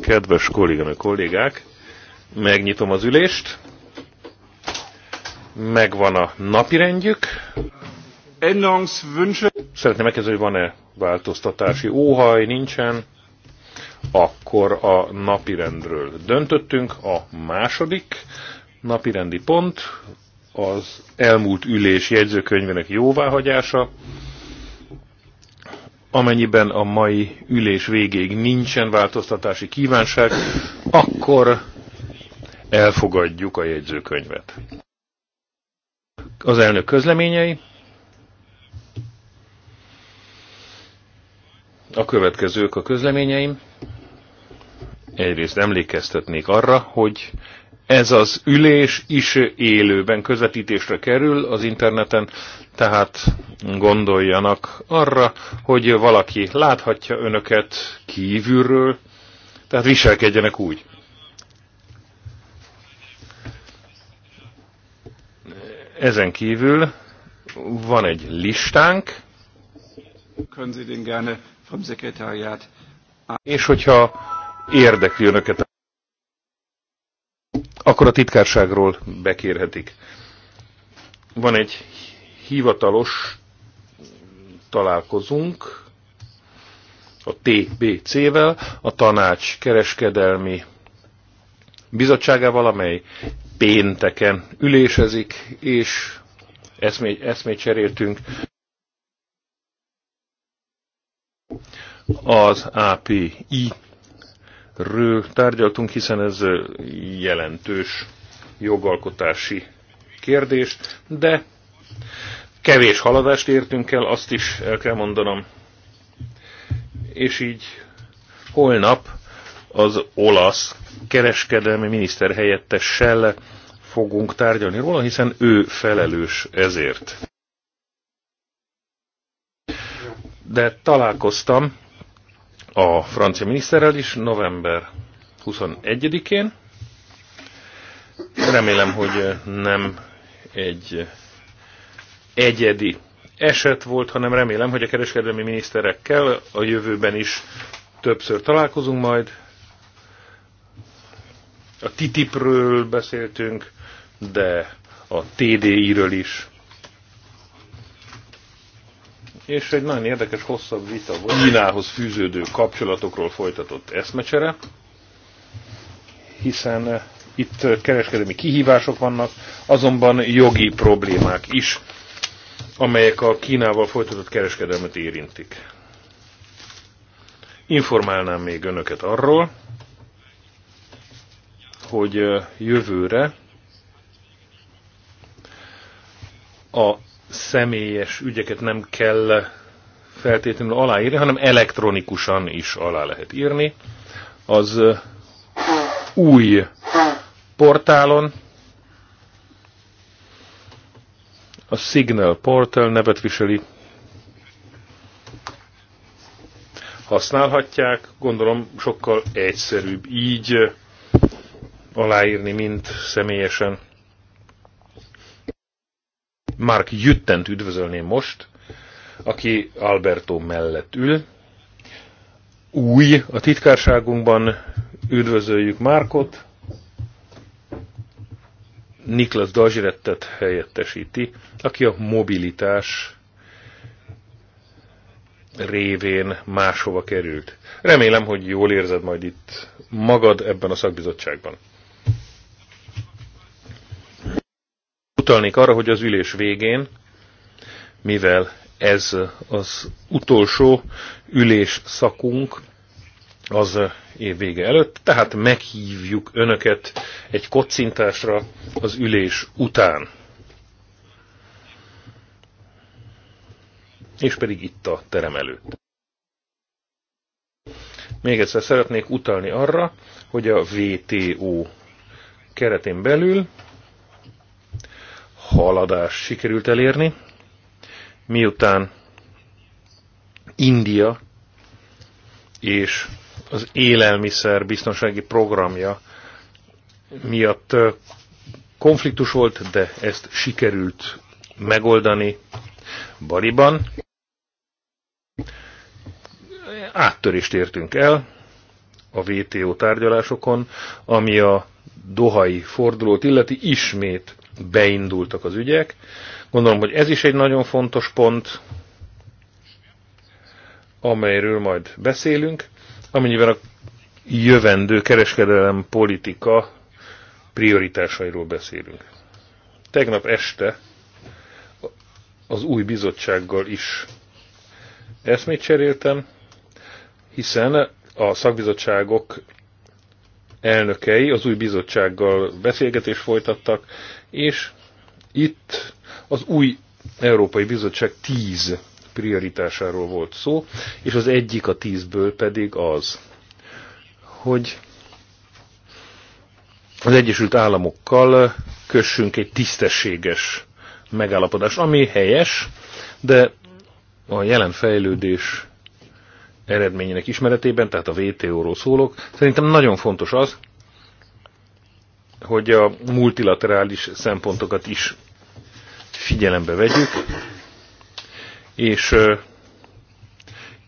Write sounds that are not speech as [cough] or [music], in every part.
Kedves kolléganő kollégák, megnyitom az ülést. Megvan a napirendjük. Änderungswünsche. Szeretném megkérdezni, hogy van-e változtatási óhaj, nincsen. Akkor a napirendről döntöttünk. A második napirendi pont az elmúlt ülés jegyzőkönyvének jóváhagyása amennyiben a mai ülés végéig nincsen változtatási kívánság, akkor elfogadjuk a jegyzőkönyvet. Az elnök közleményei a következők a közleményeim. Egyrészt emlékeztetnék arra, hogy ez az ülés is élőben közvetítésre kerül az interneten, tehát gondoljanak arra, hogy valaki láthatja önöket kívülről, tehát viselkedjenek úgy. Ezen kívül van egy listánk, és hogyha érdekli önöket akkor a titkárságról bekérhetik. Van egy hivatalos találkozunk a TBC-vel, a Tanács Kereskedelmi Bizottságával, amely pénteken ülésezik, és eszmét, eszmét cseréltünk az API ről tárgyaltunk, hiszen ez jelentős jogalkotási kérdés, de kevés haladást értünk el, azt is el kell mondanom. És így holnap az olasz kereskedelmi miniszter helyettessel fogunk tárgyalni róla, hiszen ő felelős ezért. De találkoztam a francia miniszterrel is november 21-én. Remélem, hogy nem egy egyedi eset volt, hanem remélem, hogy a kereskedelmi miniszterekkel a jövőben is többször találkozunk majd. A TTIP-ről beszéltünk, de a TDI-ről is és egy nagyon érdekes, hosszabb vita volt Kínához fűződő kapcsolatokról folytatott eszmecsere, hiszen eh, itt eh, kereskedelmi kihívások vannak, azonban jogi problémák is, amelyek a Kínával folytatott kereskedelmet érintik. Informálnám még önöket arról, hogy eh, jövőre a személyes ügyeket nem kell feltétlenül aláírni, hanem elektronikusan is alá lehet írni. Az új portálon, a Signal Portal nevet viseli, használhatják, gondolom sokkal egyszerűbb így aláírni, mint személyesen. Mark Jüttent üdvözölném most, aki Alberto mellett ül. Új a titkárságunkban, üdvözöljük Márkot. Niklas Dazsirettet helyettesíti, aki a mobilitás révén máshova került. Remélem, hogy jól érzed majd itt magad ebben a szakbizottságban. utalnék arra, hogy az ülés végén, mivel ez az utolsó ülés szakunk az év vége előtt, tehát meghívjuk önöket egy kocintásra az ülés után. És pedig itt a terem előtt. Még egyszer szeretnék utalni arra, hogy a VTO keretén belül haladás sikerült elérni, miután India és az élelmiszer biztonsági programja miatt konfliktus volt, de ezt sikerült megoldani Baliban. Áttörést értünk el a WTO tárgyalásokon, ami a dohai fordulót illeti ismét beindultak az ügyek. Gondolom, hogy ez is egy nagyon fontos pont, amelyről majd beszélünk, amennyiben a jövendő kereskedelem politika prioritásairól beszélünk. Tegnap este az új bizottsággal is eszmét cseréltem, hiszen a szakbizottságok elnökei az új bizottsággal beszélgetést folytattak, és itt az új Európai Bizottság tíz prioritásáról volt szó, és az egyik a tízből pedig az, hogy az Egyesült Államokkal kössünk egy tisztességes megállapodást, ami helyes, de a jelen fejlődés eredményének ismeretében, tehát a WTO-ról szólok, szerintem nagyon fontos az, hogy a multilaterális szempontokat is figyelembe vegyük, és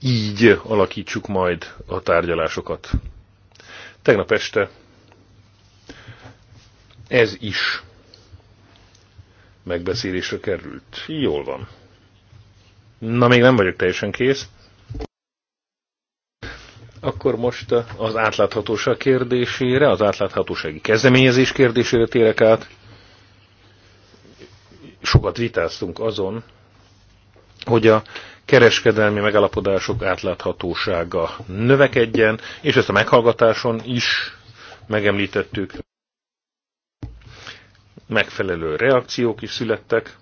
így alakítsuk majd a tárgyalásokat. Tegnap este ez is megbeszélésre került. Jól van. Na, még nem vagyok teljesen kész. Akkor most az átláthatóság kérdésére, az átláthatósági kezdeményezés kérdésére térek át. Sokat vitáztunk azon, hogy a kereskedelmi megalapodások átláthatósága növekedjen, és ezt a meghallgatáson is megemlítettük. Megfelelő reakciók is születtek,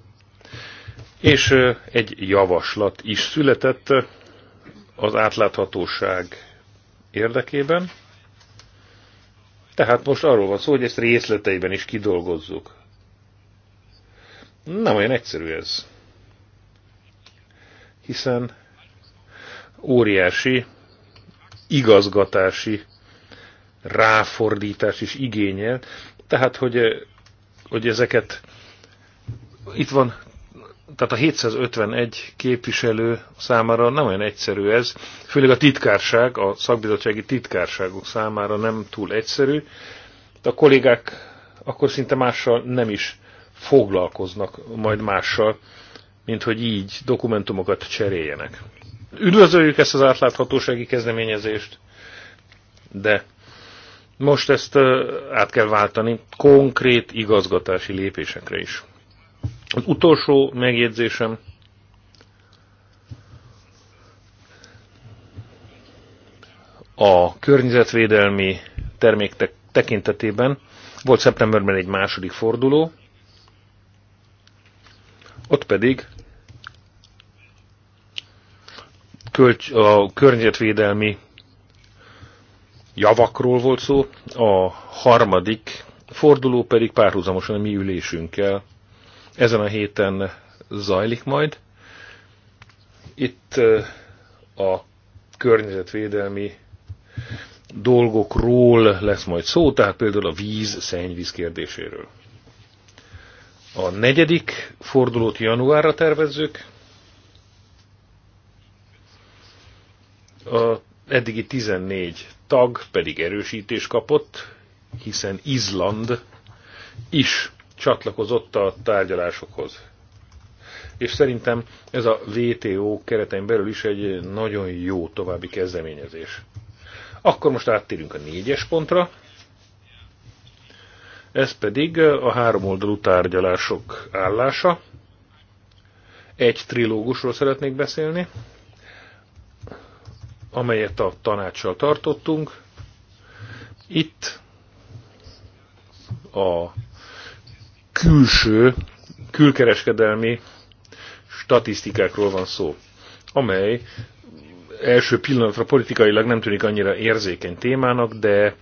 és egy javaslat is született az átláthatóság érdekében. Tehát most arról van szó, hogy ezt részleteiben is kidolgozzuk. Nem olyan egyszerű ez. Hiszen óriási igazgatási ráfordítás is igényel, tehát hogy, hogy ezeket itt van tehát a 751 képviselő számára nem olyan egyszerű ez, főleg a titkárság, a szakbizottsági titkárságok számára nem túl egyszerű, de a kollégák akkor szinte mással nem is foglalkoznak majd mással, mint hogy így dokumentumokat cseréljenek. Üdvözöljük ezt az átláthatósági kezdeményezést, de most ezt át kell váltani konkrét igazgatási lépésekre is. Az utolsó megjegyzésem, a környezetvédelmi termék tekintetében volt szeptemberben egy második forduló, ott pedig a környezetvédelmi javakról volt szó, a harmadik forduló pedig párhuzamosan a mi ülésünkkel ezen a héten zajlik majd. Itt a környezetvédelmi dolgokról lesz majd szó, tehát például a víz, szennyvíz kérdéséről. A negyedik fordulót januárra tervezzük. A eddigi 14 tag pedig erősítés kapott, hiszen Izland is csatlakozott a tárgyalásokhoz. És szerintem ez a VTO keretein belül is egy nagyon jó további kezdeményezés. Akkor most áttérünk a négyes pontra. Ez pedig a háromoldalú tárgyalások állása. Egy trilógusról szeretnék beszélni, amelyet a tanácssal tartottunk. Itt a külső, külkereskedelmi statisztikákról van szó, amely első pillanatra politikailag nem tűnik annyira érzékeny témának, de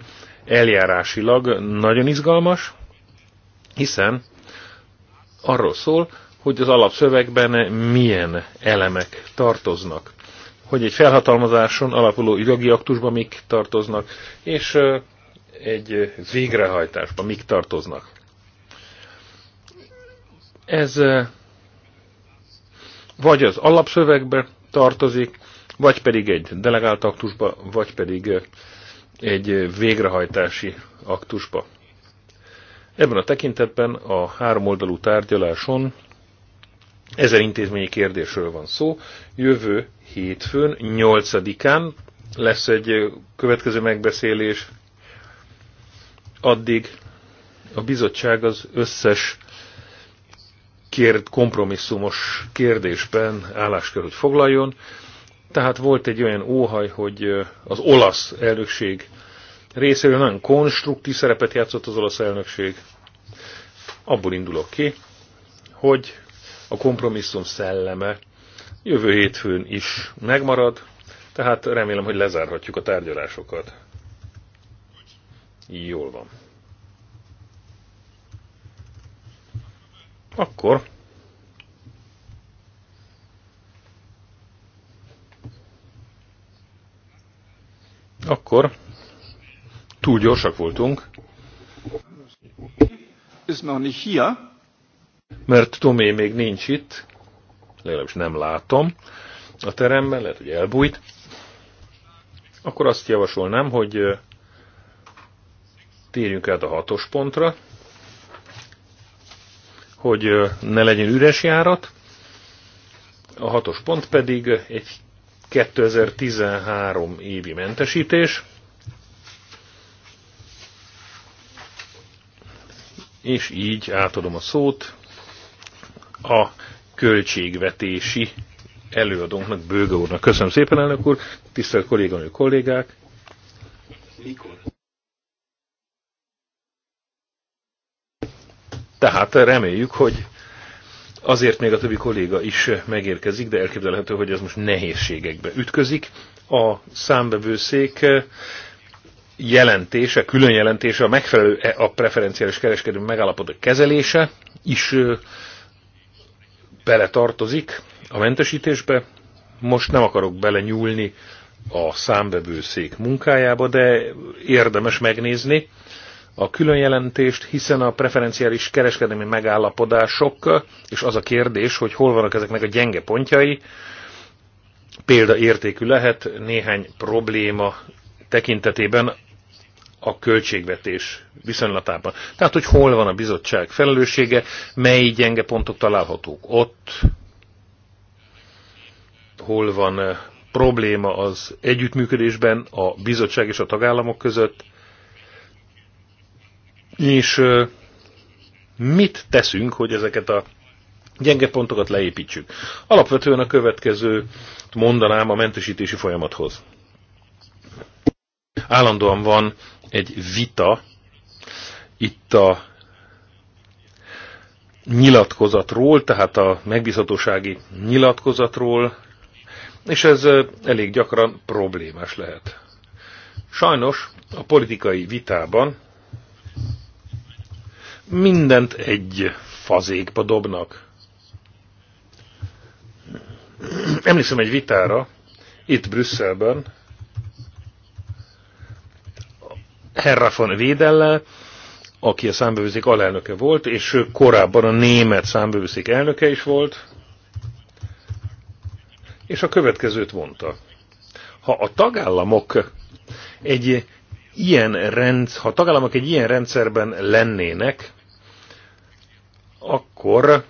eljárásilag nagyon izgalmas, hiszen arról szól, hogy az alapszövegben milyen elemek tartoznak, hogy egy felhatalmazáson alapuló jogi aktusban mik tartoznak, és egy végrehajtásban mik tartoznak. Ez vagy az alapszövegbe tartozik, vagy pedig egy delegált aktusba, vagy pedig egy végrehajtási aktusba. Ebben a tekintetben a háromoldalú tárgyaláson ezer intézményi kérdésről van szó. Jövő hétfőn, 8-án lesz egy következő megbeszélés. Addig a bizottság az összes kérd, kompromisszumos kérdésben állást kell, hogy foglaljon. Tehát volt egy olyan óhaj, hogy az olasz elnökség részéről nagyon konstruktív szerepet játszott az olasz elnökség. Abból indulok ki, hogy a kompromisszum szelleme jövő hétfőn is megmarad, tehát remélem, hogy lezárhatjuk a tárgyalásokat. Jól van. Akkor akkor túl gyorsak voltunk. Mert Tomé még nincs itt, legalábbis nem látom a teremben, lehet, hogy elbújt. Akkor azt javasolnám, hogy térjünk át a hatos pontra hogy ne legyen üres járat. A hatos pont pedig egy 2013 évi mentesítés, és így átadom a szót a költségvetési előadónknak, Bőge úrnak. Köszönöm szépen, elnök úr, tisztelt kolléganő kollégák! Mikor? Tehát reméljük, hogy azért még a többi kolléga is megérkezik, de elképzelhető, hogy ez most nehézségekbe ütközik. A számbevőszék jelentése, külön jelentése, a megfelelő e- a preferenciális kereskedő megállapodó kezelése is beletartozik a mentesítésbe. Most nem akarok bele nyúlni a számbevőszék munkájába, de érdemes megnézni, a különjelentést, hiszen a preferenciális kereskedelmi megállapodások, és az a kérdés, hogy hol vannak ezeknek a gyenge pontjai, példaértékű lehet néhány probléma tekintetében a költségvetés viszonylatában. Tehát, hogy hol van a bizottság felelőssége, mely gyenge pontok találhatók ott, hol van eh, probléma az együttműködésben a bizottság és a tagállamok között, és mit teszünk, hogy ezeket a gyenge pontokat leépítsük? Alapvetően a következő mondanám a mentesítési folyamathoz. Állandóan van egy vita itt a nyilatkozatról, tehát a megbízhatósági nyilatkozatról, és ez elég gyakran problémás lehet. Sajnos a politikai vitában mindent egy fazékba dobnak. Emlékszem egy vitára, itt Brüsszelben, Herra von Wedellel, aki a számbevőszék alelnöke volt, és ő korábban a német számbevőszék elnöke is volt, és a következőt mondta. Ha a tagállamok egy ilyen rendsz, ha a tagállamok egy ilyen rendszerben lennének, akkor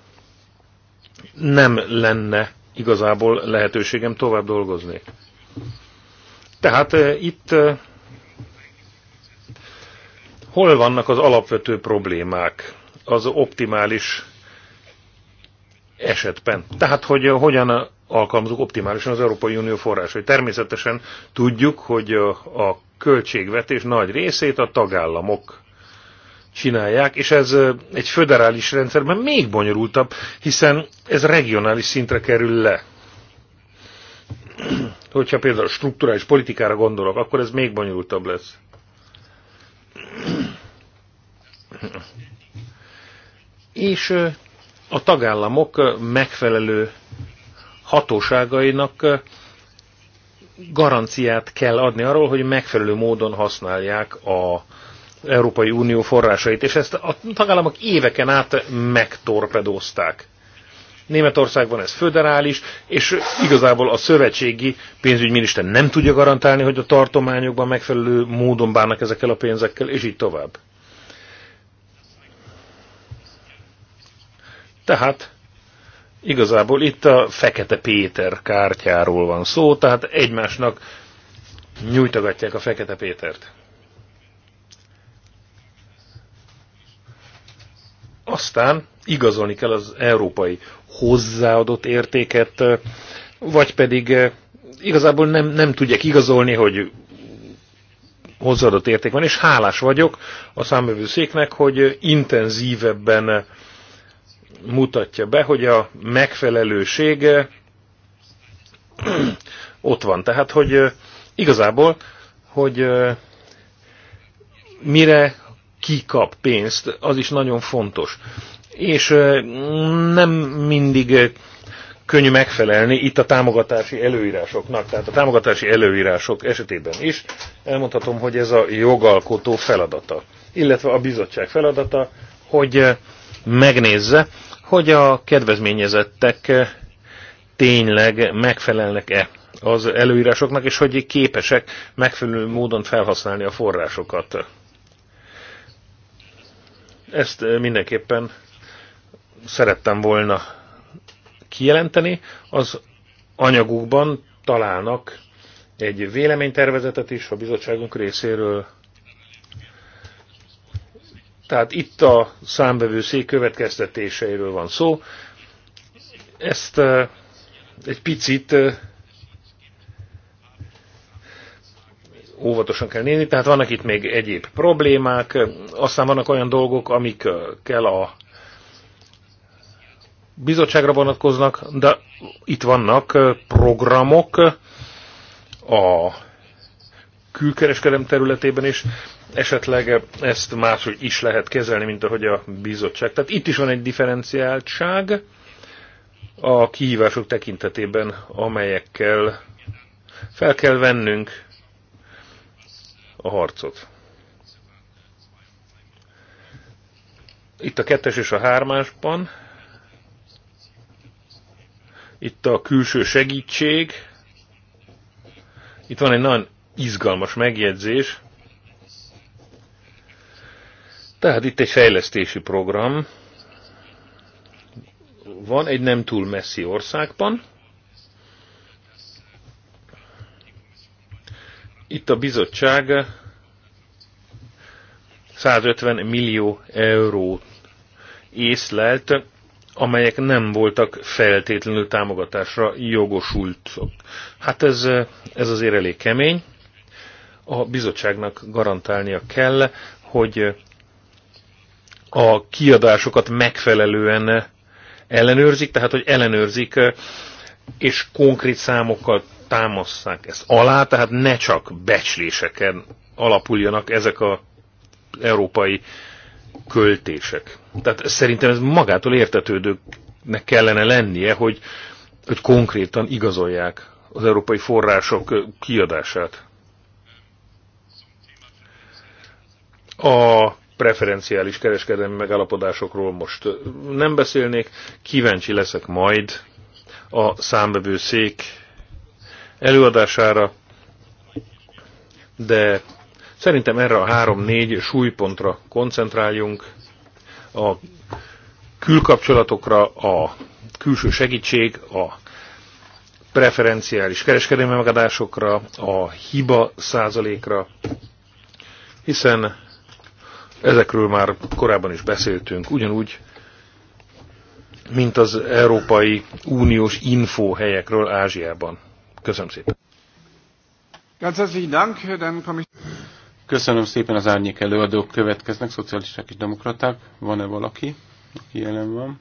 nem lenne igazából lehetőségem tovább dolgozni. Tehát eh, itt eh, hol vannak az alapvető problémák az optimális esetben? Tehát, hogy hogyan alkalmazunk optimálisan az Európai Unió forrásait. Természetesen tudjuk, hogy a költségvetés nagy részét a tagállamok csinálják, és ez egy föderális rendszerben még bonyolultabb, hiszen ez regionális szintre kerül le. Hogyha például struktúrális politikára gondolok, akkor ez még bonyolultabb lesz. És a tagállamok megfelelő hatóságainak garanciát kell adni arról, hogy megfelelő módon használják a Európai Unió forrásait, és ezt a tagállamok éveken át megtorpedózták. Németországban ez föderális, és igazából a szövetségi pénzügyminiszter nem tudja garantálni, hogy a tartományokban megfelelő módon bánnak ezekkel a pénzekkel, és így tovább. Tehát igazából itt a Fekete Péter kártyáról van szó, tehát egymásnak nyújtogatják a Fekete Pétert. Aztán igazolni kell az európai hozzáadott értéket, vagy pedig eh, igazából nem, nem tudják igazolni, hogy hozzáadott érték van, és hálás vagyok a számövőszéknek, hogy intenzívebben mutatja be, hogy a megfelelőség eh, [clears throat] ott van. Tehát, hogy eh, igazából, hogy mire ki kap pénzt, az is nagyon fontos. És nem mindig könnyű megfelelni itt a támogatási előírásoknak, tehát a támogatási előírások esetében is elmondhatom, hogy ez a jogalkotó feladata, illetve a bizottság feladata, hogy megnézze, hogy a kedvezményezettek tényleg megfelelnek-e az előírásoknak, és hogy képesek megfelelő módon felhasználni a forrásokat. Ezt eh, mindenképpen szerettem volna kijelenteni. Az anyagukban találnak egy véleménytervezetet is a bizottságunk részéről. Tehát itt a számbevőszék következtetéseiről van szó. Ezt eh, egy picit eh, óvatosan kell nézni, tehát vannak itt még egyéb problémák, aztán vannak olyan dolgok, amik kell a bizottságra vonatkoznak, de itt vannak programok a külkereskedem területében is, esetleg ezt máshogy is lehet kezelni, mint ahogy a bizottság. Tehát itt is van egy differenciáltság a kihívások tekintetében, amelyekkel fel kell vennünk a harcot. Itt a kettes és a hármásban, itt a külső segítség, itt van egy nagyon izgalmas megjegyzés, tehát itt egy fejlesztési program, van egy nem túl messzi országban, Itt a bizottság 150 millió eurót észlelt, amelyek nem voltak feltétlenül támogatásra jogosultak. Hát ez, ez azért elég kemény. A bizottságnak garantálnia kell, hogy a kiadásokat megfelelően ellenőrzik, tehát hogy ellenőrzik, és konkrét számokkal támasszák ezt alá, tehát ne csak becsléseken alapuljanak ezek az európai költések. Tehát szerintem ez magától értetődőnek kellene lennie, hogy, hogy konkrétan igazolják az európai források kiadását. A preferenciális kereskedelmi megállapodásokról most nem beszélnék, kíváncsi leszek majd a számbevőszék előadására, de szerintem erre a három-négy súlypontra koncentráljunk, a külkapcsolatokra, a külső segítség, a preferenciális kereskedelmi megadásokra, a hiba százalékra, hiszen ezekről már korábban is beszéltünk, ugyanúgy, mint az Európai Uniós infóhelyekről Ázsiában. Köszönöm szépen. Köszönöm szépen az árnyék előadók következnek, szocialisták és demokraták. Van-e valaki, aki jelen van?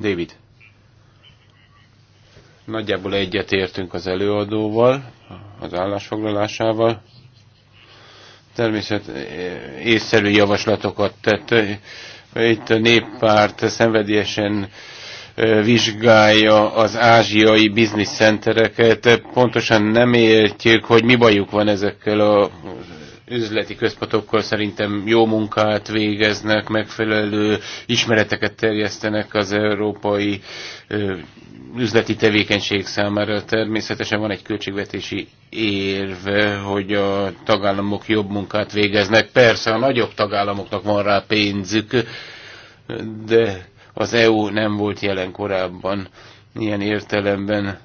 David. Nagyjából egyetértünk az előadóval, az állásfoglalásával. Természet észszerű javaslatokat tett. Itt a néppárt szenvedélyesen vizsgálja az ázsiai bizniszcentereket. Pontosan nem értjük, hogy mi bajuk van ezekkel a üzleti központokkal szerintem jó munkát végeznek, megfelelő ismereteket terjesztenek az európai üzleti tevékenység számára. Természetesen van egy költségvetési érv, hogy a tagállamok jobb munkát végeznek. Persze a nagyobb tagállamoknak van rá pénzük, de az EU nem volt jelen korábban ilyen értelemben.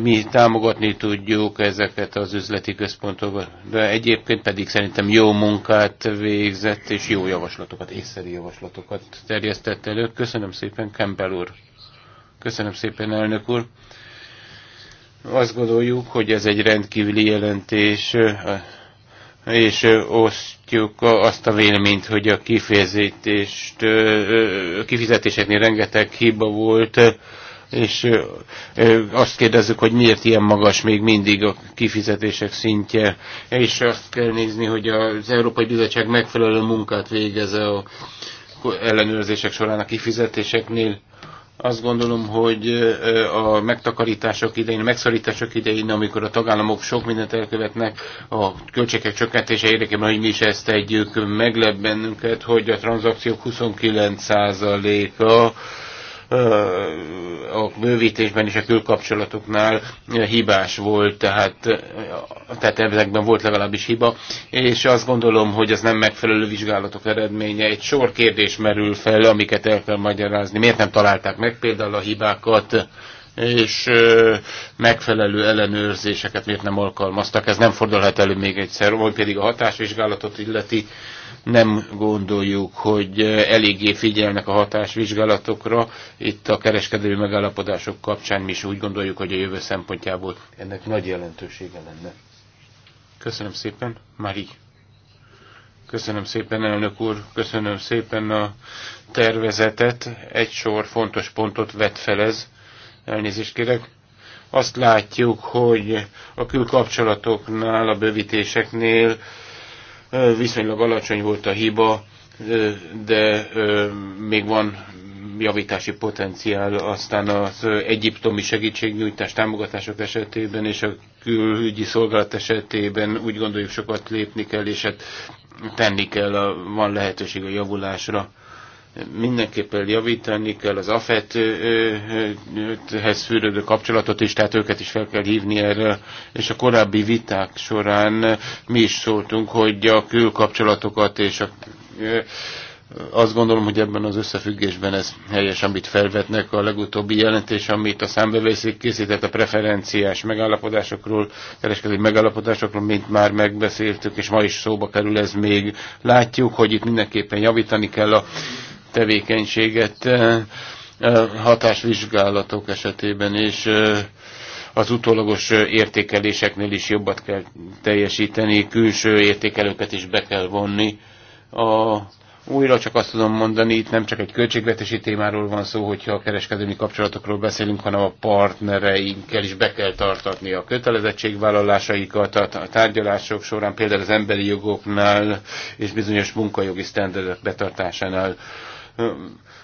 Mi támogatni tudjuk ezeket az üzleti központokat, de egyébként pedig szerintem jó munkát végzett, és jó javaslatokat, észszerű javaslatokat terjesztett elő. Köszönöm szépen, Kempel úr. Köszönöm szépen, elnök úr. Azt gondoljuk, hogy ez egy rendkívüli jelentés és osztjuk azt a véleményt, hogy a kifizetést, kifizetéseknél rengeteg hiba volt, és azt kérdezzük, hogy miért ilyen magas még mindig a kifizetések szintje, és azt kell nézni, hogy az Európai Bizottság megfelelő munkát végez a ellenőrzések során a kifizetéseknél. Azt gondolom, hogy a megtakarítások idején, a megszorítások idején, amikor a tagállamok sok mindent elkövetnek, a költségek csökkentése érdekében, hogy mi is ezt tegyük, meglep bennünket, hogy a tranzakciók 29%-a a bővítésben és a külkapcsolatoknál hibás volt, tehát, tehát ezekben volt legalábbis hiba, és azt gondolom, hogy ez nem megfelelő vizsgálatok eredménye. Egy sor kérdés merül fel, amiket el kell magyarázni. Miért nem találták meg például a hibákat, és megfelelő ellenőrzéseket miért nem alkalmaztak. Ez nem fordulhat elő még egyszer, vagy pedig a hatásvizsgálatot illeti nem gondoljuk, hogy eléggé figyelnek a hatásvizsgálatokra. Itt a kereskedelmi megállapodások kapcsán mi is úgy gondoljuk, hogy a jövő szempontjából ennek nagy jelentősége lenne. Köszönöm szépen, Mari. Köszönöm szépen, elnök úr, köszönöm szépen a tervezetet. Egy sor fontos pontot vett fel ez. Elnézést kérek. Azt látjuk, hogy a külkapcsolatoknál, a bővítéseknél Viszonylag alacsony volt a hiba, de még van javítási potenciál, aztán az egyiptomi segítségnyújtás támogatások esetében és a külügyi szolgálat esetében úgy gondoljuk sokat lépni kell, és hát tenni kell, a, van lehetőség a javulásra mindenképpen javítani kell az AFET-hez fűrődő kapcsolatot is, tehát őket is fel kell hívni erre, és a korábbi viták során mi is szóltunk, hogy a külkapcsolatokat és a azt gondolom, hogy ebben az összefüggésben ez helyes, amit felvetnek a legutóbbi jelentés, amit a számbevészék készített a preferenciás megállapodásokról, kereskedelmi megállapodásokról, mint már megbeszéltük, és ma is szóba kerül ez még. Látjuk, hogy itt mindenképpen javítani kell a tevékenységet eh, eh, hatásvizsgálatok esetében, és eh, az utólagos értékeléseknél is jobbat kell teljesíteni, külső értékelőket is be kell vonni. A, újra csak azt tudom mondani, itt nem csak egy költségvetési témáról van szó, hogyha a kereskedelmi kapcsolatokról beszélünk, hanem a partnereinkkel is be kell tartatni a kötelezettségvállalásaikat a tárgyalások során, például az emberi jogoknál és bizonyos munkajogi sztenderek betartásánál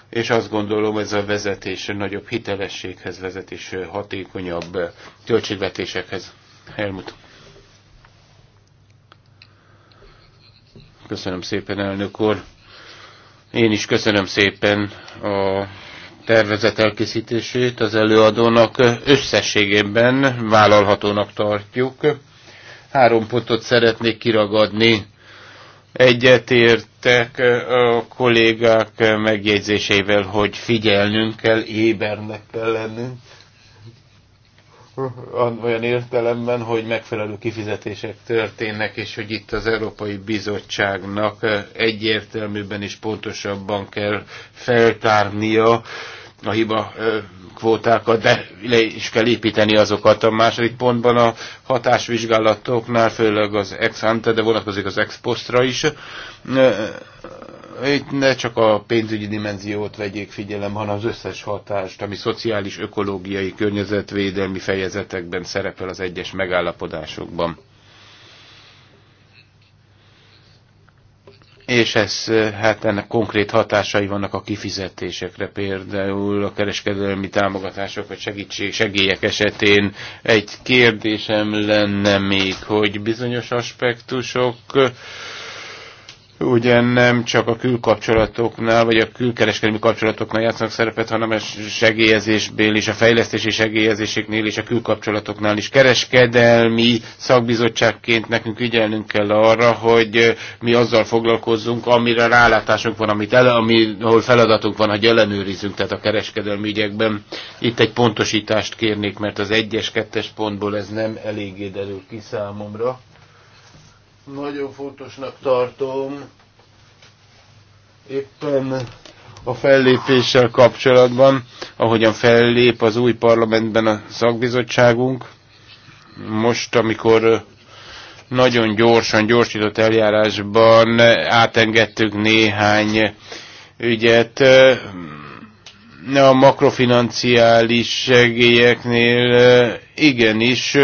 és azt gondolom ez a vezetés nagyobb hitelességhez vezet, és hatékonyabb költségvetésekhez. Helmut. Köszönöm szépen, elnök úr. Én is köszönöm szépen a tervezet elkészítését az előadónak. Összességében vállalhatónak tartjuk. Három pontot szeretnék kiragadni Egyetértek a kollégák megjegyzéseivel, hogy figyelnünk kell, ébernek kell lennünk. Olyan értelemben, hogy megfelelő kifizetések történnek, és hogy itt az Európai Bizottságnak egyértelműben is pontosabban kell feltárnia, a hiba kvótákat, de le is kell építeni azokat. A második pontban a hatásvizsgálatoknál, főleg az ex ante, de vonatkozik az ex postra is. Itt ne csak a pénzügyi dimenziót vegyék figyelem, hanem az összes hatást, ami szociális, ökológiai, környezetvédelmi fejezetekben szerepel az egyes megállapodásokban. és ez, hát ennek konkrét hatásai vannak a kifizetésekre, például a kereskedelmi támogatások vagy segítség, segélyek esetén. Egy kérdésem lenne még, hogy bizonyos aspektusok ugye nem csak a külkapcsolatoknál, vagy a külkereskedelmi kapcsolatoknál játszanak szerepet, hanem a segélyezésből és a fejlesztési segélyezéséknél és a külkapcsolatoknál is. Kereskedelmi szakbizottságként nekünk ügyelnünk kell arra, hogy mi azzal foglalkozzunk, amire rálátásunk van, amit ele, ami, ahol feladatunk van, hogy ellenőrizzünk, tehát a kereskedelmi ügyekben. Itt egy pontosítást kérnék, mert az egyes, kettes pontból ez nem eléggé derül ki számomra nagyon fontosnak tartom éppen a fellépéssel kapcsolatban, ahogyan fellép az új parlamentben a szakbizottságunk, most, amikor nagyon gyorsan, gyorsított eljárásban átengedtük néhány ügyet, a makrofinanciális segélyeknél igenis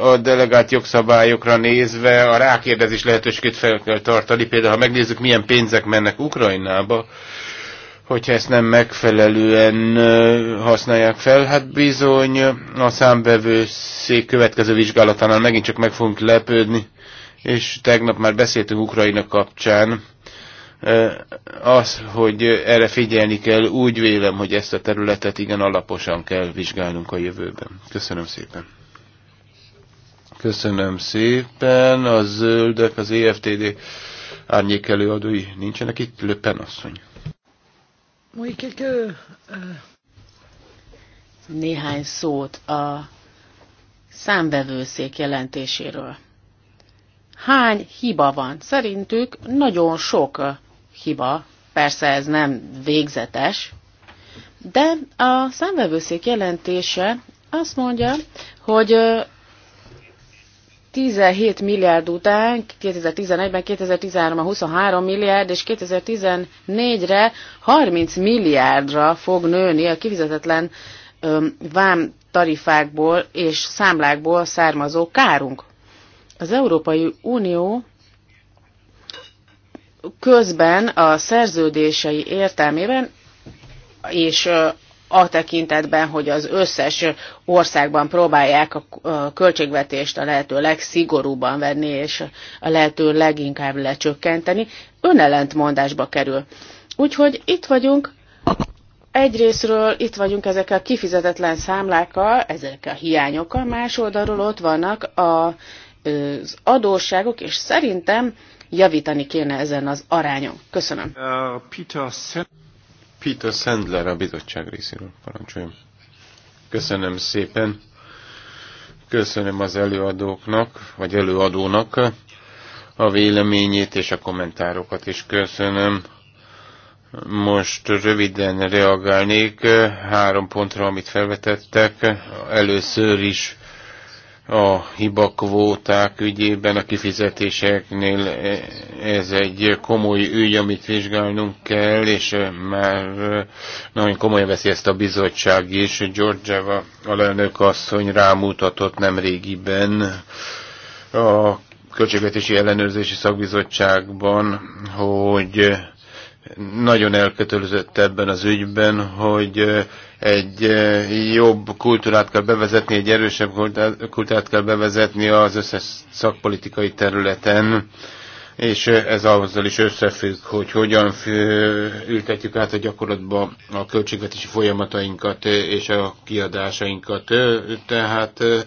a delegált jogszabályokra nézve a rákérdezés lehetőségét fel kell tartani. Például, ha megnézzük, milyen pénzek mennek Ukrajnába, hogyha ezt nem megfelelően használják fel, hát bizony a számbevőszék következő vizsgálatánál megint csak meg fogunk lepődni, és tegnap már beszéltünk Ukrajna kapcsán, az, hogy erre figyelni kell, úgy vélem, hogy ezt a területet igen alaposan kell vizsgálnunk a jövőben. Köszönöm szépen. Köszönöm szépen. A zöldek, az EFTD árnyék előadói nincsenek itt. Löppen asszony. Néhány szót a számvevőszék jelentéséről hány hiba van. Szerintük nagyon sok hiba, persze ez nem végzetes, de a számvevőszék jelentése azt mondja, hogy 17 milliárd után 2011-ben, 2013-ban 23 milliárd, és 2014-re 30 milliárdra fog nőni a kifizetetlen vám tarifákból és számlákból származó kárunk. Az Európai Unió közben a szerződései értelmében és a tekintetben, hogy az összes országban próbálják a költségvetést a lehető legszigorúban venni, és a lehető leginkább lecsökkenteni, önellentmondásba kerül. Úgyhogy itt vagyunk, egyrésztről itt vagyunk ezekkel a kifizetetlen számlákkal, ezekkel a hiányokkal, más oldalról ott vannak az adósságok, és szerintem javítani kéne ezen az arányon. Köszönöm. Uh, Peter, Sen- Peter Sandler a bizottság részéről parancsoljon. Köszönöm szépen. Köszönöm az előadóknak, vagy előadónak a véleményét és a kommentárokat is köszönöm. Most röviden reagálnék eh, három pontra, amit felvetettek. Először is a hibakvóták ügyében, a kifizetéseknél ez egy komoly ügy, amit vizsgálnunk kell, és már nagyon komolyan veszi ezt a bizottság is. Georgieva alelnök asszony rámutatott nemrégiben a Költségvetési Ellenőrzési Szakbizottságban, hogy nagyon elkötelezett ebben az ügyben, hogy egy eh, jobb kultúrát kell bevezetni, egy erősebb kultúrát kell bevezetni az összes szakpolitikai területen, és ez azzal is összefügg, hogy hogyan ültetjük át a gyakorlatba a költségvetési folyamatainkat és a kiadásainkat. Tehát eh,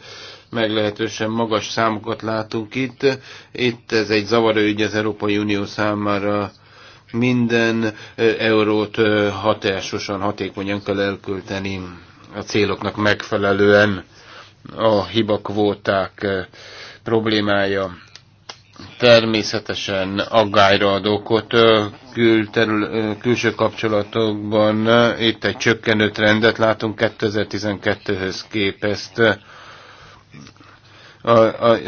meglehetősen magas számokat látunk itt. Itt ez egy zavaró ügy az Európai Unió számára, minden eurót hatásosan, hatékonyan kell elkölteni a céloknak megfelelően a hibakvóták problémája természetesen aggályra ad okot külső kapcsolatokban. Itt egy csökkenő trendet látunk 2012-höz képest. A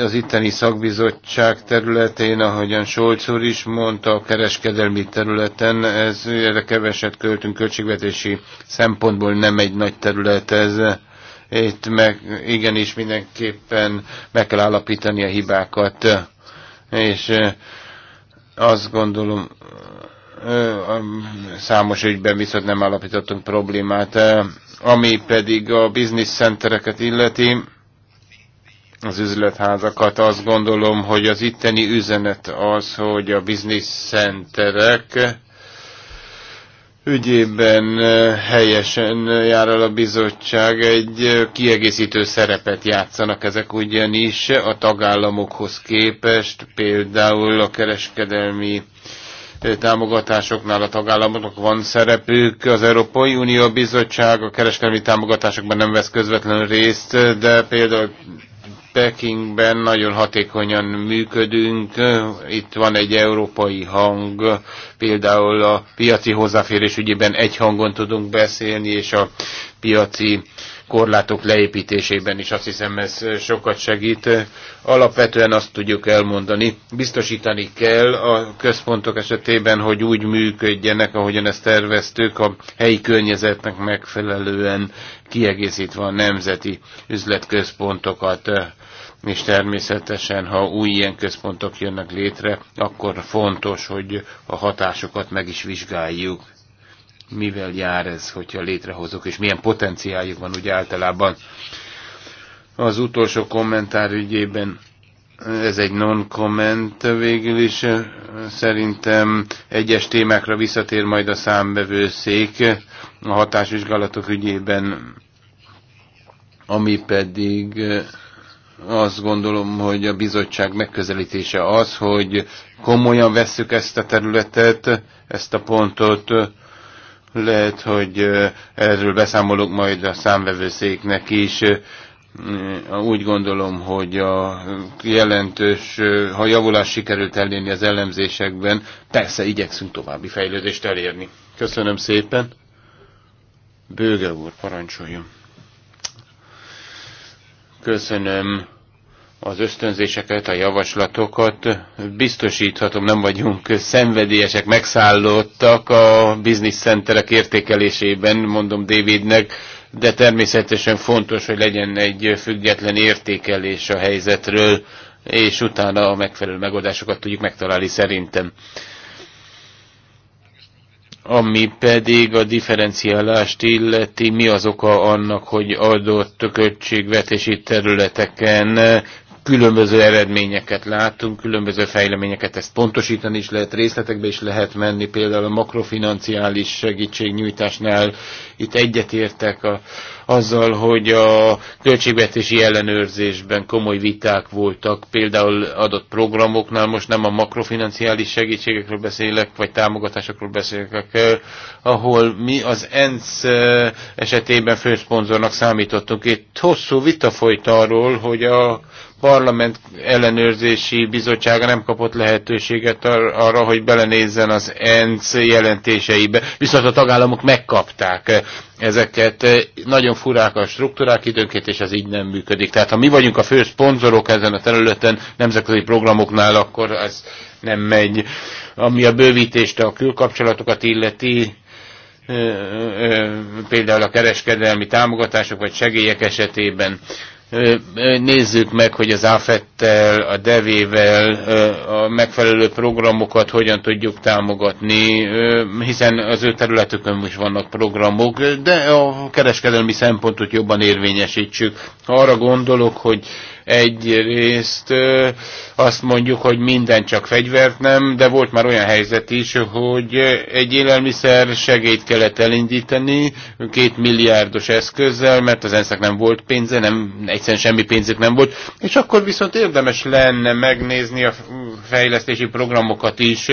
az itteni szakbizottság területén, ahogyan Solc úr is mondta, a kereskedelmi területen, ez, erre keveset költünk költségvetési szempontból, nem egy nagy terület ez. Itt meg, igenis mindenképpen meg kell állapítani a hibákat, és azt gondolom, számos ügyben viszont nem állapítottunk problémát. Ami pedig a business centereket illeti, az üzletházakat. Azt gondolom, hogy az itteni üzenet az, hogy a business centerek ügyében eh, helyesen jár el a bizottság, egy eh, kiegészítő szerepet játszanak ezek ugyanis a tagállamokhoz képest, például a kereskedelmi eh, támogatásoknál a tagállamoknak van szerepük. Az Európai Unió Bizottság a kereskedelmi támogatásokban nem vesz közvetlenül részt, de például Pekingben nagyon hatékonyan működünk. Itt van egy európai hang, például a piaci hozzáférés ügyében egy hangon tudunk beszélni, és a piaci korlátok leépítésében is azt hiszem ez sokat segít. Alapvetően azt tudjuk elmondani, biztosítani kell a központok esetében, hogy úgy működjenek, ahogyan ezt terveztük, a helyi környezetnek megfelelően kiegészítve a nemzeti üzletközpontokat és természetesen, ha új ilyen központok jönnek létre, akkor fontos, hogy a hatásokat meg is vizsgáljuk. Mivel jár ez, hogyha létrehozok, és milyen potenciáljuk van úgy általában. Az utolsó kommentár ügyében ez egy non-comment végül is. Szerintem egyes témákra visszatér majd a számbevőszék a hatásvizsgálatok ügyében, ami pedig azt gondolom, hogy a bizottság megközelítése az, hogy komolyan vesszük ezt a területet, ezt a pontot, lehet, hogy erről beszámolok majd a számvevőszéknek is. Úgy gondolom, hogy a jelentős, ha javulás sikerült elérni az elemzésekben, persze igyekszünk további fejlődést elérni. Köszönöm szépen. Bőge úr, parancsoljon. Köszönöm az ösztönzéseket, a javaslatokat. Biztosíthatom, nem vagyunk szenvedélyesek, megszállottak a business centerek értékelésében, mondom Davidnek, de természetesen fontos, hogy legyen egy független értékelés a helyzetről, és utána a megfelelő megoldásokat tudjuk megtalálni szerintem. Ami pedig a differenciálást illeti, mi az oka annak, hogy adott költségvetési területeken különböző eredményeket látunk, különböző fejleményeket, ezt pontosítani is lehet, részletekbe is lehet menni, például a makrofinanciális segítségnyújtásnál itt egyetértek a, azzal, hogy a költségvetési ellenőrzésben komoly viták voltak, például adott programoknál, most nem a makrofinanciális segítségekről beszélek, vagy támogatásokról beszélek, ahol mi az ENSZ eh, esetében főszponzornak számítottunk. Itt hosszú vita folyt arról, hogy a parlament ellenőrzési bizottsága nem kapott lehetőséget ar arra, hogy belenézzen az ENC jelentéseibe, viszont a tagállamok megkapták ezeket. Nagyon furák a struktúrák időnként, és ez így nem működik. Tehát ha mi vagyunk a fő szponzorok ezen a területen, nemzetközi programoknál, akkor ez nem megy. Ami a bővítést, a külkapcsolatokat illeti, például a kereskedelmi támogatások vagy segélyek esetében nézzük meg, hogy az AFET-tel, a dev vel a megfelelő programokat hogyan tudjuk támogatni, hiszen az ő területükön is vannak programok, de a kereskedelmi szempontot jobban érvényesítsük. Arra gondolok, hogy Egyrészt azt mondjuk, hogy minden csak fegyvert nem, de volt már olyan helyzet is, hogy egy élelmiszer segélyt kellett elindítani két milliárdos eszközzel, mert az ensz nem volt pénze, nem, egyszerűen semmi pénzük nem volt, és akkor viszont érdemes lenne megnézni a fejlesztési programokat is,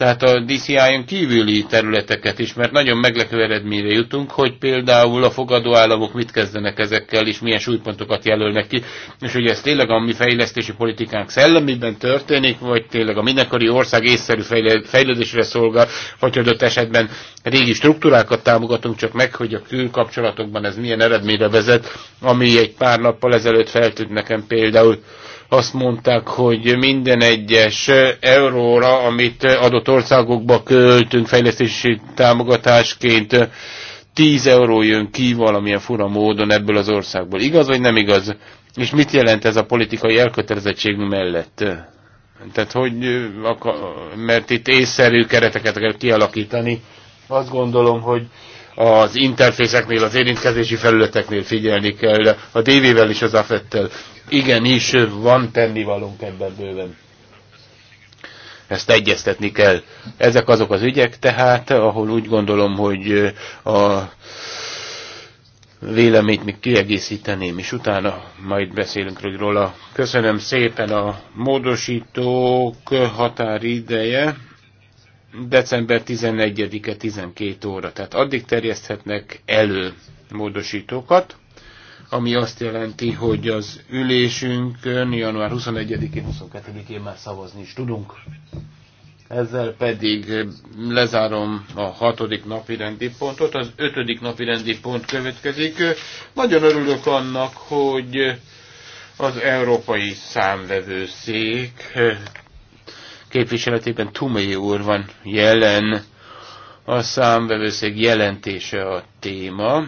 tehát a DCI-on kívüli területeket is, mert nagyon meglepő eredményre jutunk, hogy például a fogadó államok mit kezdenek ezekkel, és milyen súlypontokat jelölnek ki, és hogy ez tényleg a mi fejlesztési politikánk szellemiben történik, vagy tényleg a mindenkori ország észszerű fejlődésre szolgál, vagy adott esetben régi struktúrákat támogatunk, csak meg, hogy a külkapcsolatokban ez milyen eredményre vezet, ami egy pár nappal ezelőtt feltűnt nekem például azt mondták, hogy minden egyes euróra, amit adott országokba költünk fejlesztési támogatásként, 10 euró jön ki valamilyen fura módon ebből az országból. Igaz vagy nem igaz? És mit jelent ez a politikai elkötelezettség mellett? Tehát hogy, mert itt észszerű kereteket kell kialakítani. Azt gondolom, hogy az interfészeknél, az érintkezési felületeknél figyelni kell, a DV-vel és az AFET-tel. is van tennivalónk ebben bőven. Ezt egyeztetni kell. Ezek azok az ügyek tehát, ahol úgy gondolom, hogy a véleményt még kiegészíteném, és utána majd beszélünk róla. Köszönöm szépen a módosítók határideje december 11-e 12 óra, tehát addig terjeszthetnek elő módosítókat, ami azt jelenti, hogy az ülésünkön január 21-én, 22-én már szavazni is tudunk. Ezzel pedig lezárom a hatodik napi rendi pontot, az ötödik napi rendi pont következik. Nagyon örülök annak, hogy az Európai Számvevőszék képviseletében Tumai úr van jelen. A számvevőszeg jelentése a téma,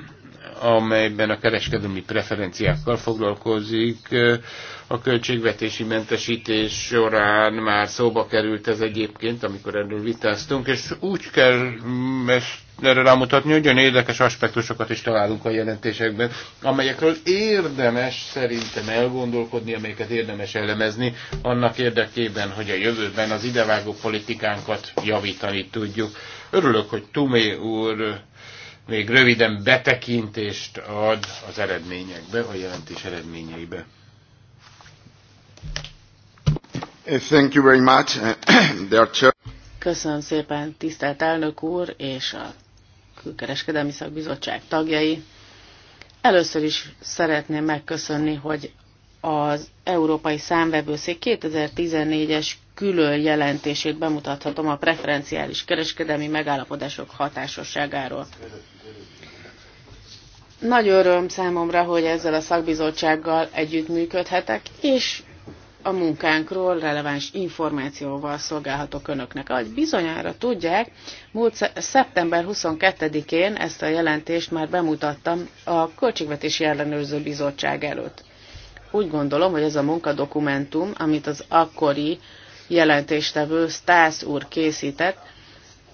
amelyben a kereskedelmi preferenciákkal foglalkozik a költségvetési mentesítés során már szóba került ez egyébként, amikor erről vitáztunk, és úgy kell ezt erre rámutatni, hogy olyan érdekes aspektusokat is találunk a jelentésekben, amelyekről érdemes szerintem elgondolkodni, amelyeket érdemes elemezni, annak érdekében, hogy a jövőben az idevágó politikánkat javítani tudjuk. Örülök, hogy Tumé úr még röviden betekintést ad az eredményekbe, a jelentés eredményeibe. Thank you very much. [clears throat] Köszönöm szépen, tisztelt elnök úr és a Külkereskedelmi Szakbizottság tagjai. Először is szeretném megköszönni, hogy az Európai Számvevőszék 2014-es külön jelentését bemutathatom a preferenciális kereskedelmi megállapodások hatásosságáról. Nagy öröm számomra, hogy ezzel a szakbizottsággal együttműködhetek, és a munkánkról releváns információval szolgálhatok Önöknek. Ahogy bizonyára tudják, múlt szeptember 22-én ezt a jelentést már bemutattam a Költségvetési Ellenőrző Bizottság előtt. Úgy gondolom, hogy ez a munkadokumentum, amit az akkori jelentéstevő Stász úr készített,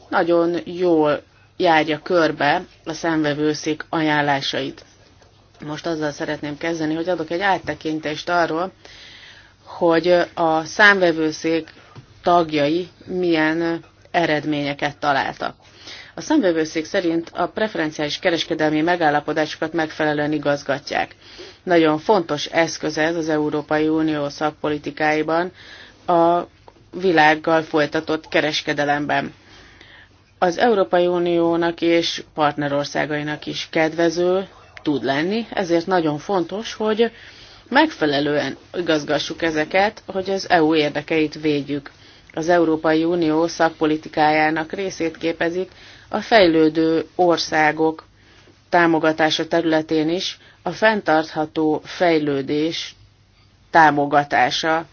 nagyon jól járja körbe a szemvevőszék ajánlásait. Most azzal szeretném kezdeni, hogy adok egy áttekintést arról, hogy a számvevőszék tagjai milyen eredményeket találtak. A számvevőszék szerint a preferenciális kereskedelmi megállapodásokat megfelelően igazgatják. Nagyon fontos eszköz ez az Európai Unió szakpolitikáiban a világgal folytatott kereskedelemben. Az Európai Uniónak és partnerországainak is kedvező tud lenni, ezért nagyon fontos, hogy megfelelően igazgassuk ezeket, hogy az EU érdekeit védjük. Az Európai Unió szakpolitikájának részét képezik a fejlődő országok támogatása területén is a fenntartható fejlődés támogatása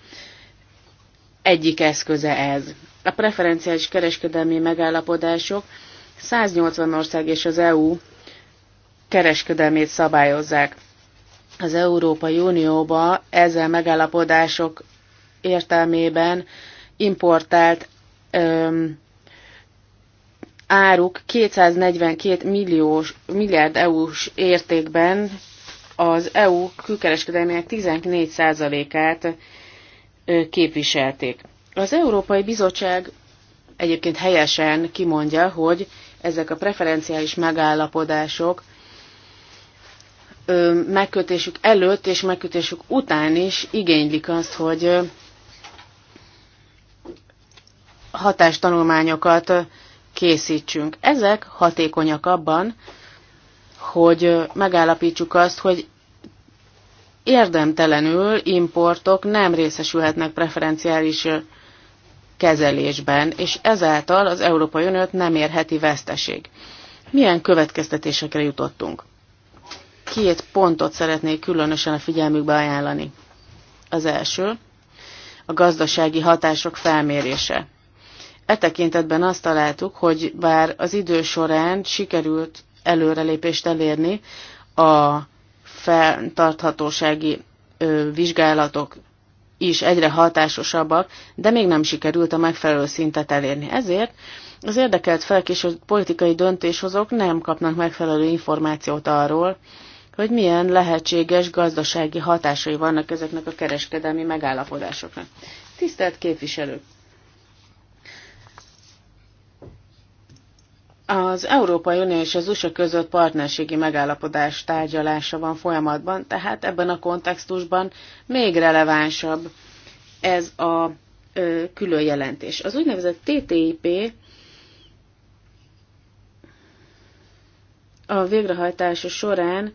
egyik eszköze ez. A preferenciális kereskedelmi megállapodások 180 ország és az EU kereskedelmét szabályozzák az Európai Unióba ezzel megállapodások értelmében importált öm, áruk 242 milliós, milliárd EU-s értékben az EU külkereskedelmének 14%-át képviselték. Az Európai Bizottság egyébként helyesen kimondja, hogy ezek a preferenciális megállapodások ö, megkötésük előtt és megkötésük után is igénylik azt, hogy ö, hatástanulmányokat készítsünk. Ezek hatékonyak abban, hogy megállapítsuk azt, hogy érdemtelenül importok nem részesülhetnek preferenciális kezelésben, és ezáltal az Európai Uniót nem érheti veszteség. Milyen következtetésekre jutottunk? két pontot szeretnék különösen a figyelmükbe ajánlani. Az első, a gazdasági hatások felmérése. E tekintetben azt találtuk, hogy bár az idő során sikerült előrelépést elérni a fenntarthatósági vizsgálatok is egyre hatásosabbak, de még nem sikerült a megfelelő szintet elérni. Ezért az érdekelt felkésült politikai döntéshozók nem kapnak megfelelő információt arról, hogy milyen lehetséges gazdasági hatásai vannak ezeknek a kereskedelmi megállapodásoknak. Tisztelt képviselők! Az Európai Unió és az USA között partnerségi megállapodás tárgyalása van folyamatban, tehát ebben a kontextusban még relevánsabb ez a külön jelentés. Az úgynevezett TTIP a végrehajtása során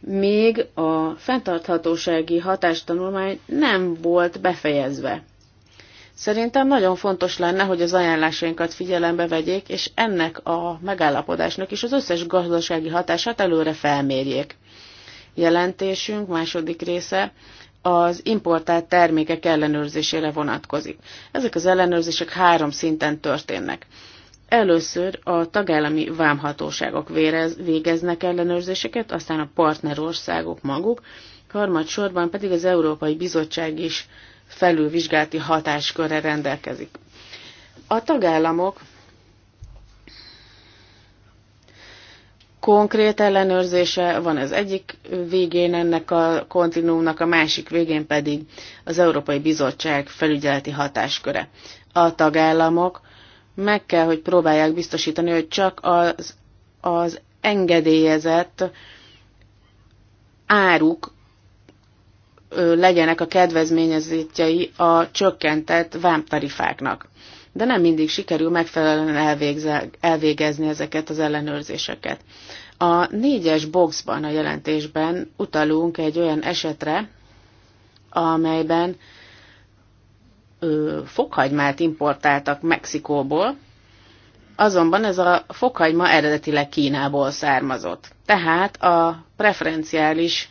még a fenntarthatósági hatástanulmány nem volt befejezve. Szerintem nagyon fontos lenne, hogy az ajánlásainkat figyelembe vegyék, és ennek a megállapodásnak is az összes gazdasági hatását előre felmérjék. Jelentésünk második része az importált termékek ellenőrzésére vonatkozik. Ezek az ellenőrzések három szinten történnek. Először a tagállami vámhatóságok vérez, végeznek ellenőrzéseket, aztán a partnerországok maguk, harmadsorban pedig az Európai Bizottság is felülvizsgálati hatáskörre rendelkezik. A tagállamok konkrét ellenőrzése van az egyik végén ennek a kontinúmnak, a másik végén pedig az Európai Bizottság felügyeleti hatásköre. A tagállamok meg kell, hogy próbálják biztosítani, hogy csak az, az engedélyezett áruk legyenek a kedvezményezettjei a csökkentett vámtarifáknak. De nem mindig sikerül megfelelően elvégezni ezeket az ellenőrzéseket. A négyes boxban a jelentésben utalunk egy olyan esetre, amelyben ö, fokhagymát importáltak Mexikóból, azonban ez a fokhagyma eredetileg Kínából származott. Tehát a preferenciális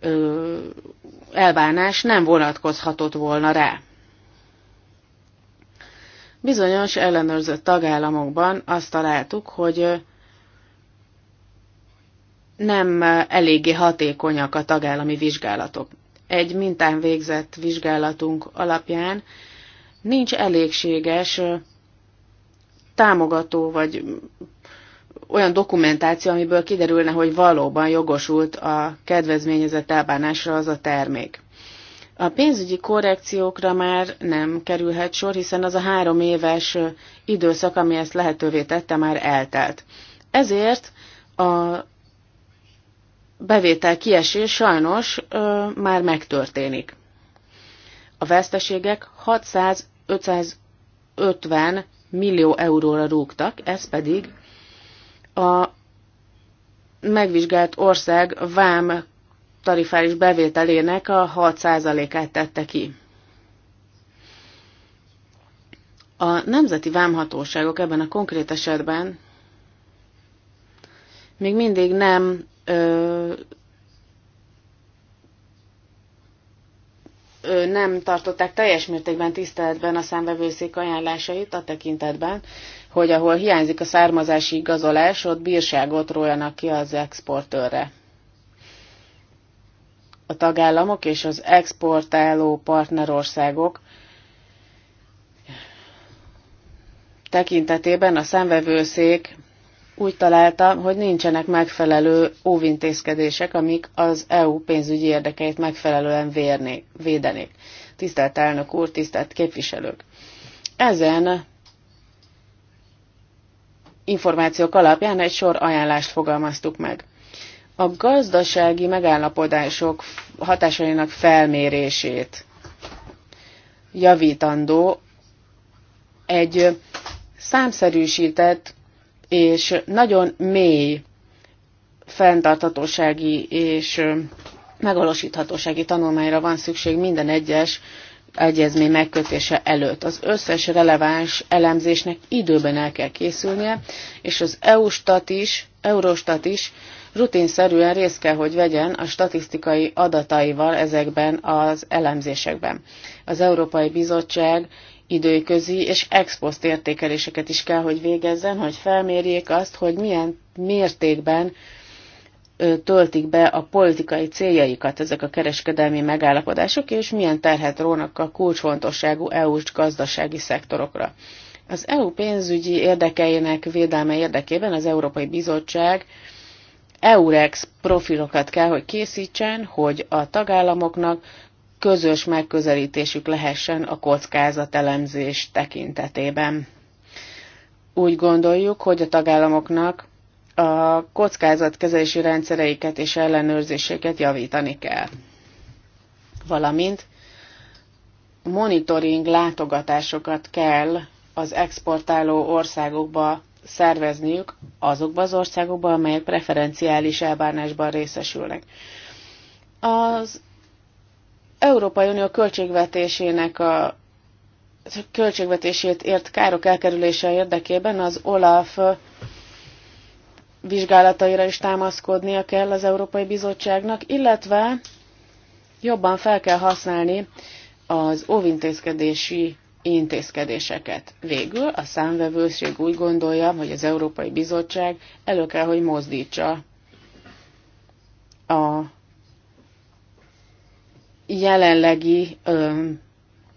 ö, elbánás nem vonatkozhatott volna rá. Bizonyos ellenőrzött tagállamokban azt találtuk, hogy nem eléggé hatékonyak a tagállami vizsgálatok egy mintán végzett vizsgálatunk alapján nincs elégséges támogató vagy olyan dokumentáció, amiből kiderülne, hogy valóban jogosult a kedvezményezett elbánásra az a termék. A pénzügyi korrekciókra már nem kerülhet sor, hiszen az a három éves időszak, ami ezt lehetővé tette, már eltelt. Ezért a bevétel kiesés sajnos ö, már megtörténik. A veszteségek 600-550 millió euróra rúgtak, ez pedig a megvizsgált ország vám tarifális bevételének a 6%-át tette ki. A nemzeti vámhatóságok ebben a konkrét esetben még mindig nem ö, ö, nem tartották teljes mértékben tiszteletben a számvevőszék ajánlásait a tekintetben, hogy ahol hiányzik a származási igazolás, ott bírságot rójanak ki az exportőrre. A tagállamok és az exportáló partnerországok tekintetében a számvevőszék úgy találta, hogy nincsenek megfelelő óvintézkedések, amik az EU pénzügyi érdekeit megfelelően vérnék, védenék. Tisztelt elnök úr, tisztelt képviselők! Ezen információk alapján egy sor ajánlást fogalmaztuk meg. A gazdasági megállapodások hatásainak felmérését javítandó egy számszerűsített és nagyon mély fenntartatósági és megvalósíthatósági tanulmányra van szükség minden egyes egyezmény megkötése előtt. Az összes releváns elemzésnek időben el kell készülnie, és az EU-stat is, Eurostat is rutinszerűen részt kell, hogy vegyen a statisztikai adataival ezekben az elemzésekben. Az Európai Bizottság időközi és exposzt értékeléseket is kell, hogy végezzen, hogy felmérjék azt, hogy milyen mértékben töltik be a politikai céljaikat ezek a kereskedelmi megállapodások, és milyen terhet rónak a kulcsfontosságú EU-s gazdasági szektorokra. Az EU pénzügyi érdekeinek védelme érdekében az Európai Bizottság Eurex profilokat kell, hogy készítsen, hogy a tagállamoknak közös megközelítésük lehessen a kockázatelemzés tekintetében. Úgy gondoljuk, hogy a tagállamoknak a kockázatkezelési rendszereiket és ellenőrzéseket javítani kell. Valamint monitoring látogatásokat kell az exportáló országokba szervezniük azokba az országokba, amelyek preferenciális elbánásban részesülnek. Az Európai Unió költségvetésének a költségvetését ért károk elkerülése érdekében az OLAF vizsgálataira is támaszkodnia kell az Európai Bizottságnak, illetve jobban fel kell használni az óvintézkedési intézkedéseket. Végül a számvevőség úgy gondolja, hogy az Európai Bizottság elő kell, hogy mozdítsa a jelenlegi ö,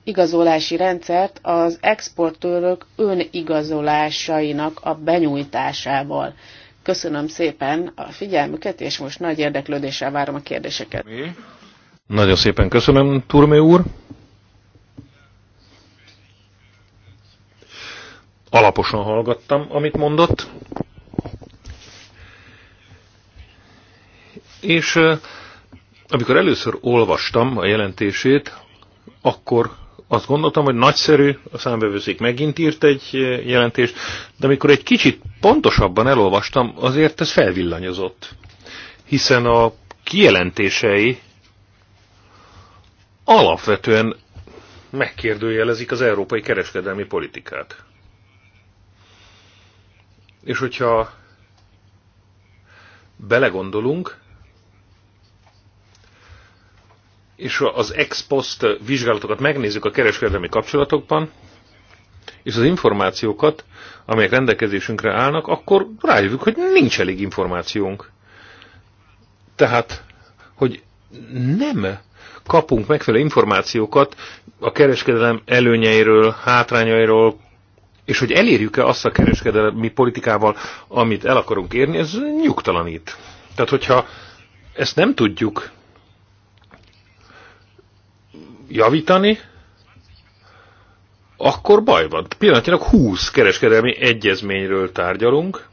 igazolási rendszert az exportőrök önigazolásainak a benyújtásával. Köszönöm szépen a figyelmüket, és most nagy érdeklődéssel várom a kérdéseket. Mi? Nagyon szépen köszönöm, Turmé úr. Alaposan hallgattam, amit mondott. És amikor először olvastam a jelentését, akkor azt gondoltam, hogy nagyszerű, a számbevőszék megint írt egy eh, jelentést, de amikor egy kicsit pontosabban elolvastam, azért ez felvillanyozott. Hiszen a kijelentései alapvetően megkérdőjelezik az európai kereskedelmi politikát. És hogyha belegondolunk, és az ex post vizsgálatokat megnézzük a kereskedelmi kapcsolatokban, és az információkat, amelyek rendelkezésünkre állnak, akkor rájövünk, hogy nincs elég információnk. Tehát, hogy nem kapunk megfelelő információkat a kereskedelem előnyeiről, hátrányairól, és hogy elérjük-e azt a kereskedelmi politikával, amit el akarunk érni, ez nyugtalanít. Tehát, hogyha ezt nem tudjuk javítani, akkor baj van. Pillanatilag 20 kereskedelmi egyezményről tárgyalunk,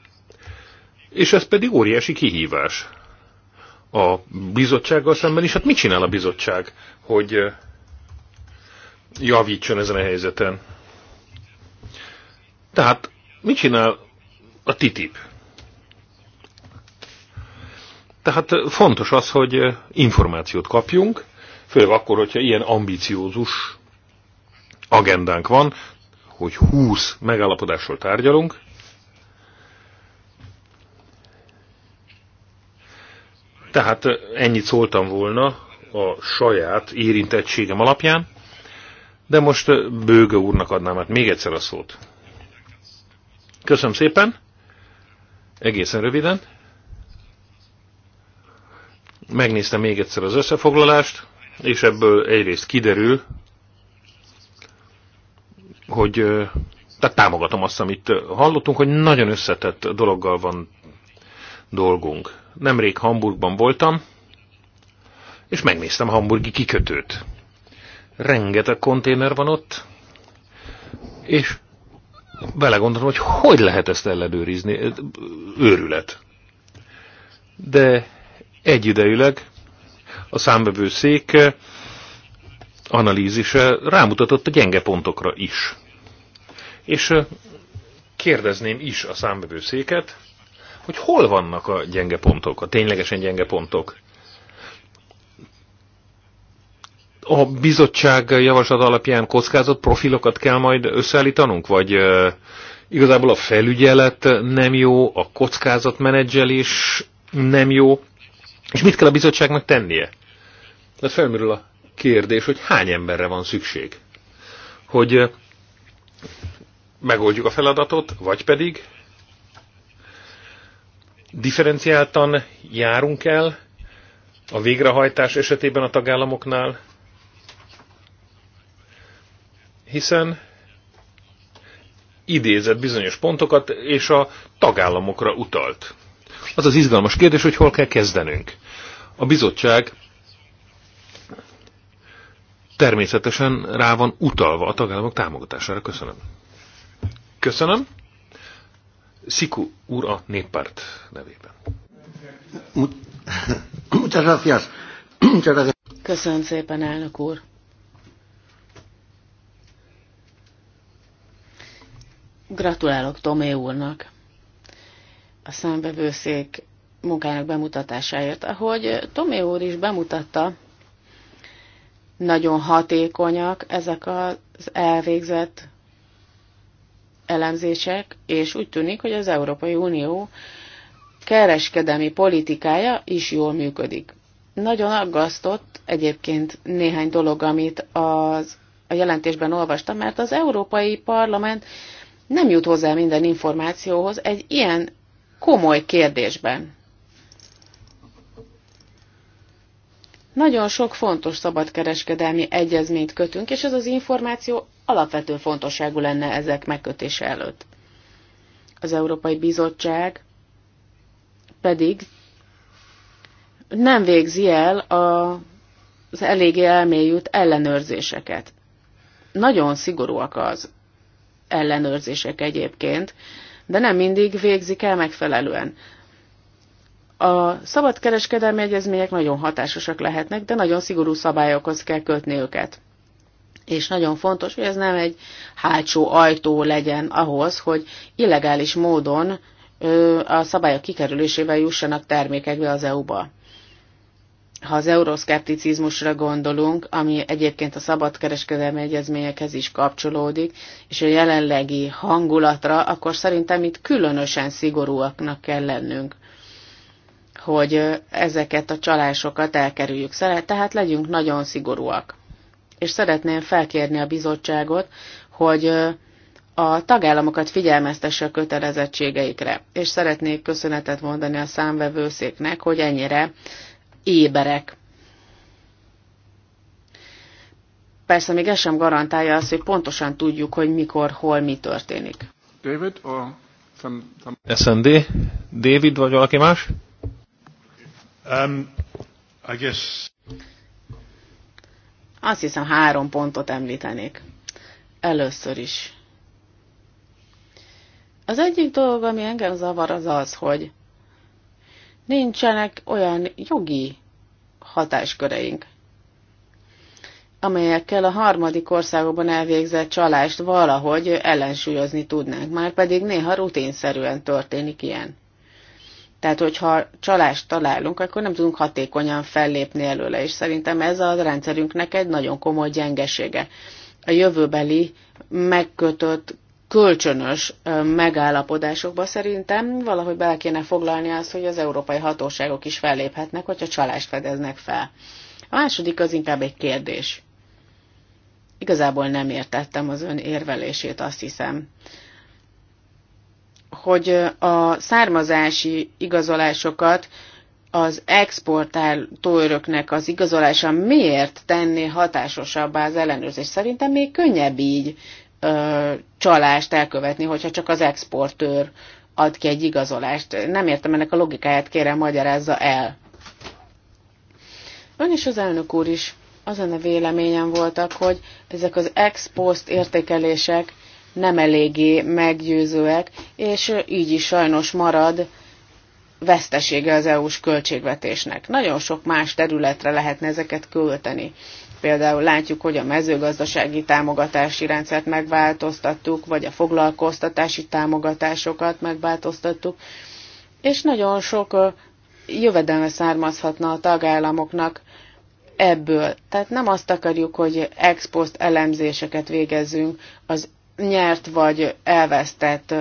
és ez pedig óriási kihívás a bizottsággal szemben is. Hát mit csinál a bizottság, hogy javítson ezen a helyzeten? Tehát mit csinál a TTIP? Tehát fontos az, hogy információt kapjunk, főleg akkor, hogyha ilyen ambiciózus agendánk van, hogy 20 megállapodásról tárgyalunk, Tehát ennyit szóltam volna a saját érintettségem alapján, de most Bőge úrnak adnám hát még egyszer a szót. Köszönöm szépen, egészen röviden. Megnéztem még egyszer az összefoglalást és ebből egyrészt kiderül, hogy tehát támogatom azt, amit hallottunk, hogy nagyon összetett dologgal van dolgunk. Nemrég Hamburgban voltam, és megnéztem a hamburgi kikötőt. Rengeteg konténer van ott, és belegondolom, hogy hogy lehet ezt ellenőrizni, őrület. De egyidejűleg a számbevőszék eh, analízise rámutatott a gyenge pontokra is. És eh, kérdezném is a számbevőszéket, hogy hol vannak a gyenge pontok, a ténylegesen gyenge pontok. A bizottság javaslat alapján kockázott profilokat kell majd összeállítanunk, vagy eh, igazából a felügyelet nem jó, a kockázatmenedzselés nem jó. És mit kell a bizottságnak tennie? Tehát felmerül a kérdés, hogy hány emberre van szükség, hogy megoldjuk a feladatot, vagy pedig differenciáltan járunk el a végrehajtás esetében a tagállamoknál, hiszen idézett bizonyos pontokat, és a tagállamokra utalt. Az az izgalmas kérdés, hogy hol kell kezdenünk. A bizottság természetesen rá van utalva a tagállamok támogatására. Köszönöm. Köszönöm. Sziku úr a néppárt nevében. Köszönöm szépen, elnök úr. Gratulálok Tomé úrnak a számbevőszék munkájának bemutatásáért. Ahogy Tomé úr is bemutatta, nagyon hatékonyak ezek az elvégzett elemzések, és úgy tűnik, hogy az Európai Unió kereskedelmi politikája is jól működik. Nagyon aggasztott egyébként néhány dolog, amit az, a jelentésben olvastam, mert az Európai Parlament nem jut hozzá minden információhoz egy ilyen komoly kérdésben. Nagyon sok fontos szabadkereskedelmi egyezményt kötünk, és ez az információ alapvető fontosságú lenne ezek megkötése előtt. Az Európai Bizottság pedig nem végzi el a, az eléggé elmélyült ellenőrzéseket. Nagyon szigorúak az ellenőrzések egyébként, de nem mindig végzik el megfelelően. A kereskedelmi egyezmények nagyon hatásosak lehetnek, de nagyon szigorú szabályokhoz kell kötni őket. És nagyon fontos, hogy ez nem egy hátsó ajtó legyen ahhoz, hogy illegális módon a szabályok kikerülésével jussanak termékekbe az EU-ba ha az euroszkepticizmusra gondolunk, ami egyébként a szabadkereskedelmi egyezményekhez is kapcsolódik, és a jelenlegi hangulatra, akkor szerintem itt különösen szigorúaknak kell lennünk, hogy ezeket a csalásokat elkerüljük. Tehát legyünk nagyon szigorúak. És szeretném felkérni a bizottságot, hogy a tagállamokat figyelmeztesse a kötelezettségeikre. És szeretnék köszönetet mondani a számvevőszéknek, hogy ennyire éberek. Persze még ez sem garantálja azt, hogy pontosan tudjuk, hogy mikor, hol, mi történik. David, or some, some... SND? David, vagy valaki más? Um, I guess... Azt hiszem három pontot említenék. Először is. Az egyik dolog, ami engem zavar, az az, hogy nincsenek olyan jogi hatásköreink, amelyekkel a harmadik országokban elvégzett csalást valahogy ellensúlyozni tudnánk, már pedig néha rutinszerűen történik ilyen. Tehát, hogyha csalást találunk, akkor nem tudunk hatékonyan fellépni előle, és szerintem ez a rendszerünknek egy nagyon komoly gyengesége. A jövőbeli megkötött kölcsönös megállapodásokba szerintem valahogy bele kéne foglalni azt, hogy az európai hatóságok is felléphetnek, hogyha csalást fedeznek fel. A második az inkább egy kérdés. Igazából nem értettem az ön érvelését, azt hiszem hogy a származási igazolásokat az öröknek az igazolása miért tenné hatásosabbá az ellenőrzés? Szerintem még könnyebb így, ö, csalást elkövetni, hogyha csak az exportőr ad ki egy igazolást. Nem értem ennek a logikáját, kérem magyarázza el. Ön is az elnök úr is azon a véleményen voltak, hogy ezek az ex post értékelések nem eléggé meggyőzőek, és így is sajnos marad vesztesége az EU-s költségvetésnek. Nagyon sok más területre lehetne ezeket költeni. Például látjuk, hogy a mezőgazdasági támogatási rendszert megváltoztattuk, vagy a foglalkoztatási támogatásokat megváltoztattuk, és nagyon sok jövedelme származhatna a tagállamoknak ebből. Tehát nem azt akarjuk, hogy ex post elemzéseket végezzünk az nyert vagy elvesztett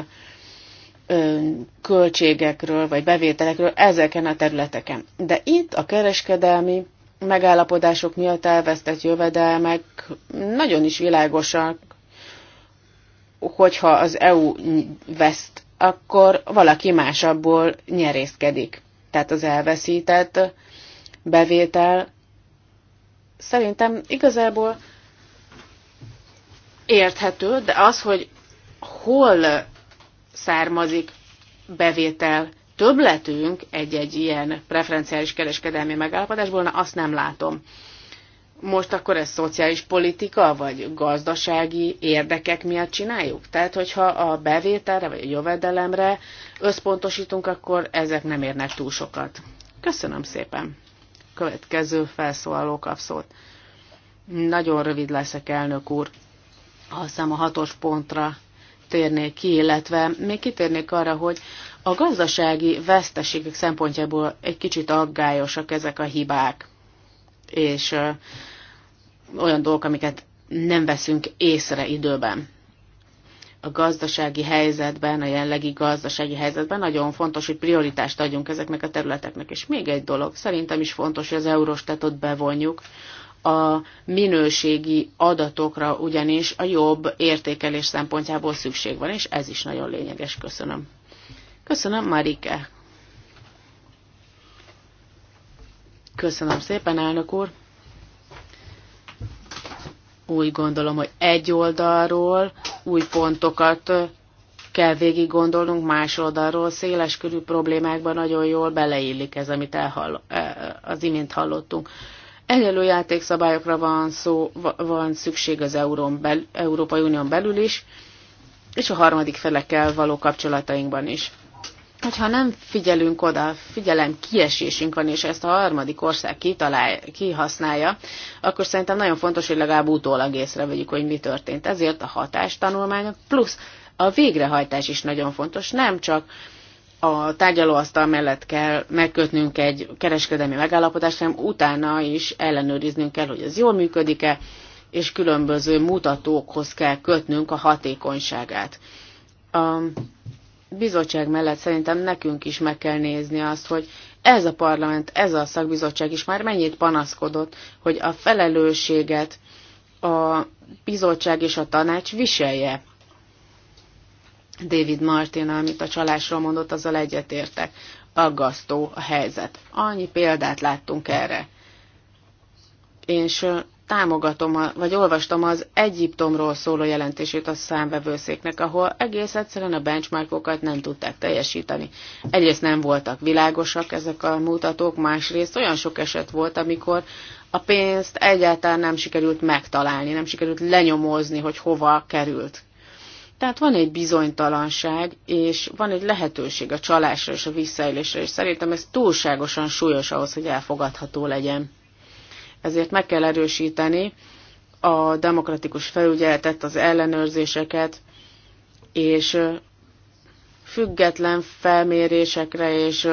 költségekről vagy bevételekről ezeken a területeken. De itt a kereskedelmi megállapodások miatt elvesztett jövedelmek nagyon is világosak, hogyha az EU veszt, akkor valaki másabból nyerészkedik. Tehát az elveszített bevétel szerintem igazából érthető, de az, hogy hol származik bevétel többletünk egy-egy ilyen preferenciális kereskedelmi megállapodásból, na azt nem látom. Most akkor ez szociális politika, vagy gazdasági érdekek miatt csináljuk? Tehát, hogyha a bevételre, vagy a jövedelemre összpontosítunk, akkor ezek nem érnek túl sokat. Köszönöm szépen. Következő felszólaló kap szót. Nagyon rövid leszek, elnök úr. Azt hiszem a hatos pontra térnék ki, illetve még kitérnék arra, hogy a gazdasági veszteségek szempontjából egy kicsit aggályosak ezek a hibák, és olyan dolgok, amiket nem veszünk észre időben. A gazdasági helyzetben, a jelenlegi gazdasági helyzetben nagyon fontos, hogy prioritást adjunk ezeknek a területeknek. És még egy dolog, szerintem is fontos, hogy az Eurostatot bevonjuk, a minőségi adatokra ugyanis a jobb értékelés szempontjából szükség van, és ez is nagyon lényeges. Köszönöm. Köszönöm, Marike. Köszönöm szépen, elnök úr. Úgy gondolom, hogy egy oldalról új pontokat kell végig gondolnunk, más oldalról széles körű problémákban nagyon jól beleillik ez, amit elhall, e, az imént hallottunk. Egyenlő játékszabályokra van, szó, van szükség az Eurón Európai Unión belül is, és a harmadik felekkel való kapcsolatainkban is hogyha nem figyelünk oda, figyelem kiesésünk van, és ezt a harmadik ország kitalál, kihasználja, akkor szerintem nagyon fontos, hogy legalább utólag észrevegyük, hogy mi történt. Ezért a hatástanulmányok plusz a végrehajtás is nagyon fontos, nem csak a tárgyalóasztal mellett kell megkötnünk egy kereskedelmi megállapodást, hanem utána is ellenőriznünk kell, hogy ez jól működik-e, és különböző mutatókhoz kell kötnünk a hatékonyságát bizottság mellett szerintem nekünk is meg kell nézni azt, hogy ez a parlament, ez a szakbizottság is már mennyit panaszkodott, hogy a felelősséget a bizottság és a tanács viselje. David Martin, amit a csalásról mondott, azzal egyetértek. Aggasztó a helyzet. Annyi példát láttunk erre. És támogatom, a, vagy olvastam az Egyiptomról szóló jelentését a számvevőszéknek, ahol egész egyszerűen a benchmarkokat nem tudták teljesíteni. Egyrészt nem voltak világosak ezek a mutatók, másrészt olyan sok eset volt, amikor a pénzt egyáltalán nem sikerült megtalálni, nem sikerült lenyomozni, hogy hova került. Tehát van egy bizonytalanság, és van egy lehetőség a csalásra és a visszaélésre, és szerintem ez túlságosan súlyos ahhoz, hogy elfogadható legyen. Ezért meg kell erősíteni a demokratikus felügyeletet, az ellenőrzéseket, és független felmérésekre és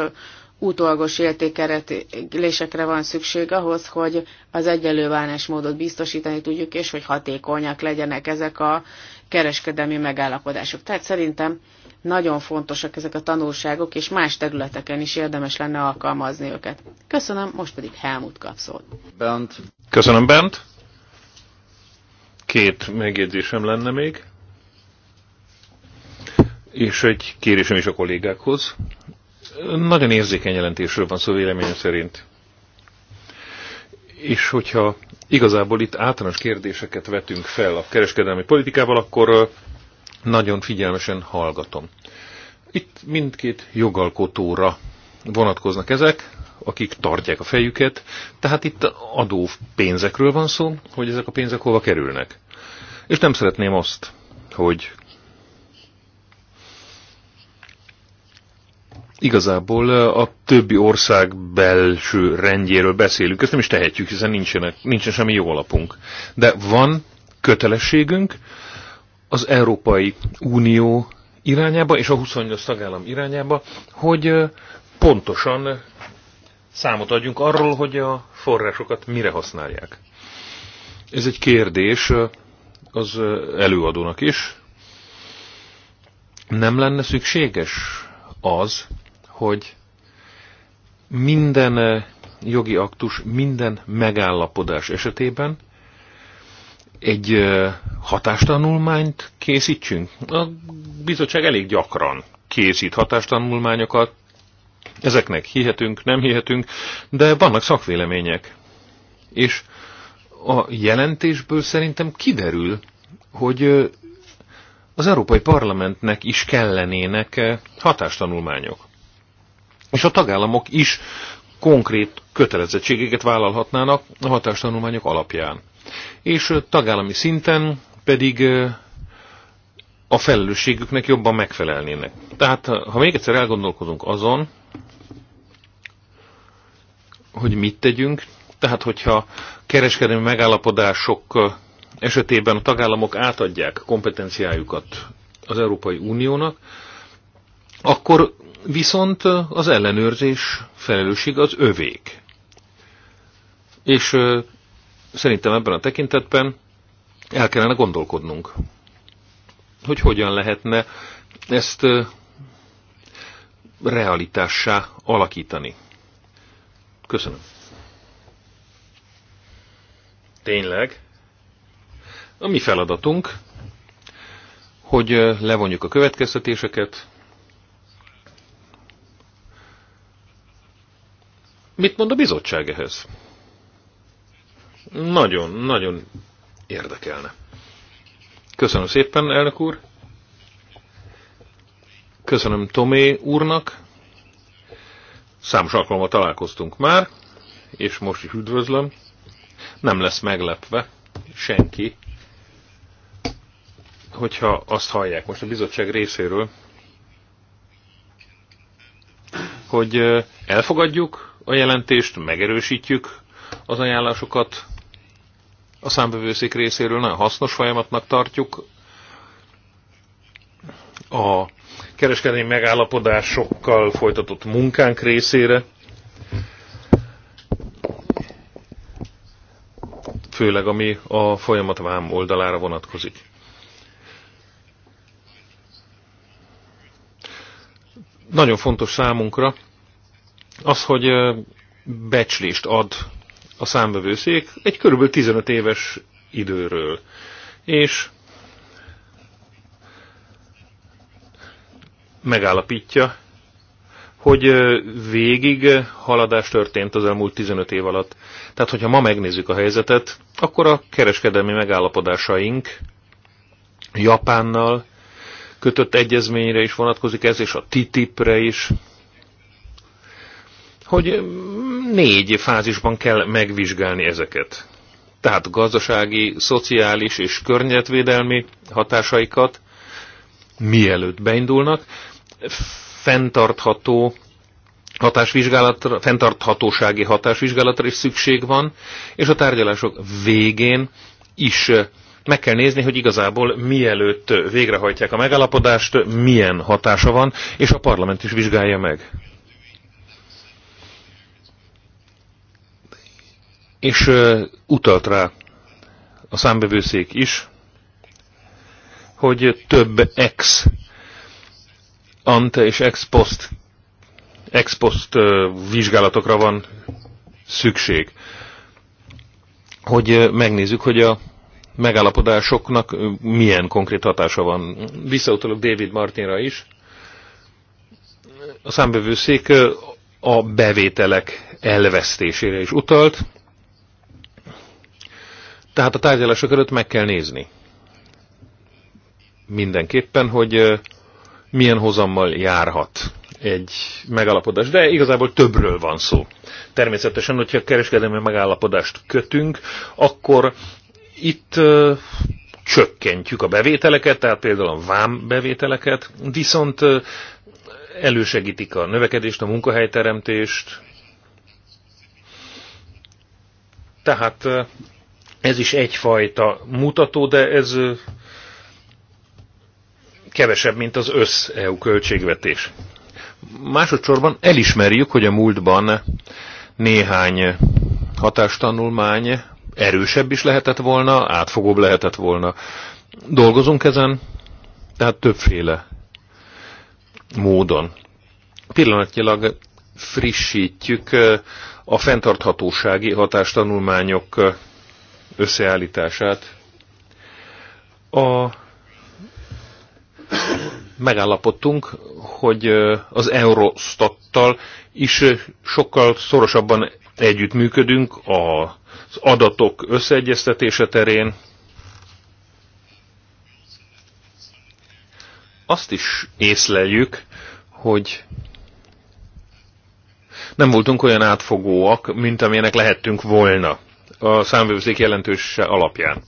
utolgos értékelésekre van szükség ahhoz, hogy az egyenlő módot biztosítani tudjuk, és hogy hatékonyak legyenek ezek a kereskedelmi megállapodások. Tehát szerintem nagyon fontosak ezek a tanulságok, és más területeken is érdemes lenne alkalmazni őket. Köszönöm, most pedig Helmut kap Bent. Köszönöm, Bent. Két megjegyzésem lenne még, és egy kérésem is a kollégákhoz. Nagyon érzékeny jelentésről van szó véleményem szerint. És hogyha igazából itt általános kérdéseket vetünk fel a kereskedelmi politikával, akkor nagyon figyelmesen hallgatom. Itt mindkét jogalkotóra vonatkoznak ezek, akik tartják a fejüket, tehát itt adó pénzekről van szó, hogy ezek a pénzek hova kerülnek. És nem szeretném azt, hogy igazából a többi ország belső rendjéről beszélünk, ezt nem is tehetjük, hiszen nincsen semmi jó alapunk. De van kötelességünk, az Európai Unió irányába és a 28 tagállam irányába, hogy pontosan számot adjunk arról, hogy a forrásokat mire használják. Ez egy kérdés az előadónak is. Nem lenne szükséges az, hogy minden jogi aktus, minden megállapodás esetében egy hatástanulmányt készítsünk? A bizottság elég gyakran készít hatástanulmányokat, ezeknek hihetünk, nem hihetünk, de vannak szakvélemények. És a jelentésből szerintem kiderül, hogy az Európai Parlamentnek is kellenének hatástanulmányok. És a tagállamok is konkrét kötelezettségeket vállalhatnának a hatástanulmányok alapján és tagállami szinten pedig a felelősségüknek jobban megfelelnének. Tehát ha még egyszer elgondolkozunk azon, hogy mit tegyünk, tehát hogyha kereskedelmi megállapodások esetében a tagállamok átadják kompetenciájukat az Európai Uniónak, akkor viszont az ellenőrzés felelősség az övék. És Szerintem ebben a tekintetben el kellene gondolkodnunk, hogy hogyan lehetne ezt realitássá alakítani. Köszönöm. Tényleg? A mi feladatunk, hogy levonjuk a következtetéseket. Mit mond a bizottság ehhez? nagyon, nagyon érdekelne. Köszönöm szépen, elnök úr. Köszönöm Tomé úrnak. Számos alkalommal találkoztunk már, és most is üdvözlöm. Nem lesz meglepve senki, hogyha azt hallják most a bizottság részéről, hogy elfogadjuk a jelentést, megerősítjük az ajánlásokat, a számbevőszék részéről nagyon hasznos folyamatnak tartjuk. A kereskedelmi megállapodásokkal folytatott munkánk részére, főleg ami a folyamat vám oldalára vonatkozik. Nagyon fontos számunkra az, hogy becslést ad a számbevőszék egy körülbelül 15 éves időről. És megállapítja, hogy végig haladás történt az elmúlt 15 év alatt. Tehát, hogyha ma megnézzük a helyzetet, akkor a kereskedelmi megállapodásaink Japánnal kötött egyezményre is vonatkozik ez, és a TTIP-re is, hogy négy fázisban kell megvizsgálni ezeket. Tehát gazdasági, szociális és környezetvédelmi hatásaikat, mielőtt beindulnak, fenntartható hatásvizsgálatra, fenntarthatósági hatásvizsgálatra is szükség van, és a tárgyalások végén is meg kell nézni, hogy igazából mielőtt végrehajtják a megállapodást, milyen hatása van, és a parlament is vizsgálja meg. és utalt rá a számbevőszék is, hogy több ex ante és ex post, ex post vizsgálatokra van szükség, hogy megnézzük, hogy a megállapodásoknak milyen konkrét hatása van. Visszautalok David Martinra is. A számbevőszék a bevételek elvesztésére is utalt, tehát a tárgyalások előtt meg kell nézni mindenképpen, hogy milyen hozammal járhat egy megállapodás. De igazából többről van szó. Természetesen, hogyha kereskedelmi megállapodást kötünk, akkor itt csökkentjük a bevételeket, tehát például a vám bevételeket, viszont elősegítik a növekedést, a munkahelyteremtést. Tehát ez is egyfajta mutató, de ez kevesebb, mint az össz-EU költségvetés. Másodszorban elismerjük, hogy a múltban néhány hatástanulmány erősebb is lehetett volna, átfogóbb lehetett volna. Dolgozunk ezen, tehát többféle módon. Pillanatnyilag frissítjük a fenntarthatósági hatástanulmányok összeállítását. A megállapodtunk, hogy az Eurostattal is sokkal szorosabban együttműködünk az adatok összeegyeztetése terén. Azt is észleljük, hogy nem voltunk olyan átfogóak, mint amilyenek lehettünk volna a számvőzék jelentős alapján.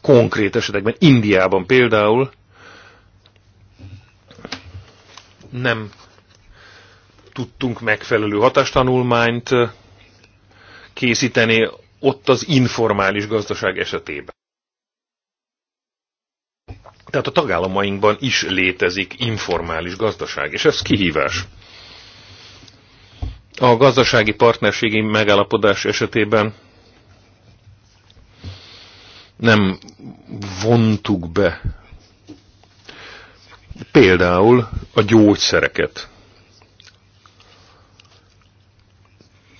Konkrét esetekben, Indiában például nem tudtunk megfelelő hatástanulmányt készíteni ott az informális gazdaság esetében. Tehát a tagállamainkban is létezik informális gazdaság, és ez kihívás. A gazdasági partnerségi megállapodás esetében nem vontuk be például a gyógyszereket.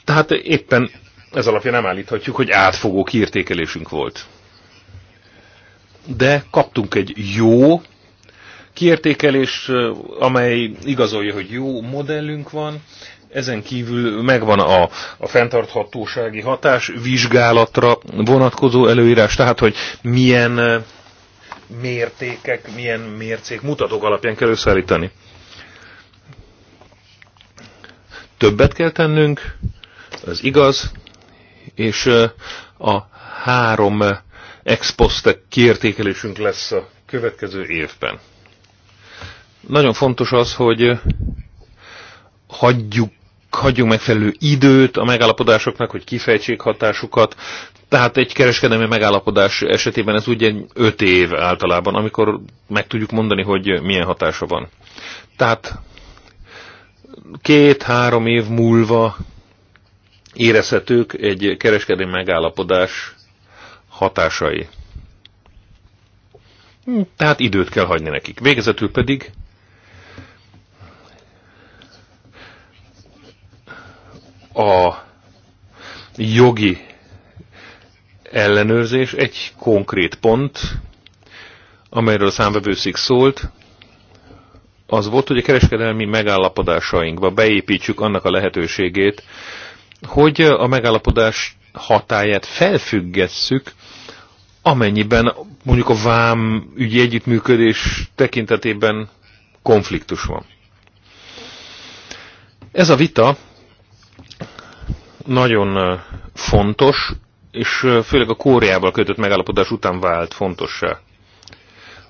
Tehát éppen ez alapján nem állíthatjuk, hogy átfogó kiértékelésünk volt. De kaptunk egy jó kiértékelést, amely igazolja, hogy jó modellünk van, ezen kívül megvan a, a fenntarthatósági hatás vizsgálatra vonatkozó előírás, tehát hogy milyen eh, mértékek, milyen mércék mutatók alapján kell összeállítani. Többet kell tennünk, ez igaz, és eh, a három eh, exposztek kiértékelésünk lesz a következő évben. Nagyon fontos az, hogy hagyjuk hagyjunk megfelelő időt a megállapodásoknak, hogy kifejtsék hatásukat. Tehát egy kereskedelmi megállapodás esetében ez ugye 5 év általában, amikor meg tudjuk mondani, hogy milyen hatása van. Tehát két-három év múlva érezhetők egy kereskedelmi megállapodás hatásai. Hm, tehát időt kell hagyni nekik. Végezetül pedig a jogi ellenőrzés egy konkrét pont, amelyről a számvevőszik szólt, az volt, hogy a kereskedelmi megállapodásainkba beépítsük annak a lehetőségét, hogy a megállapodás hatáját felfüggesszük, amennyiben mondjuk a vám ügyi együttműködés tekintetében konfliktus van. Ez a vita nagyon fontos, és főleg a Kóriával kötött megállapodás után vált fontossá.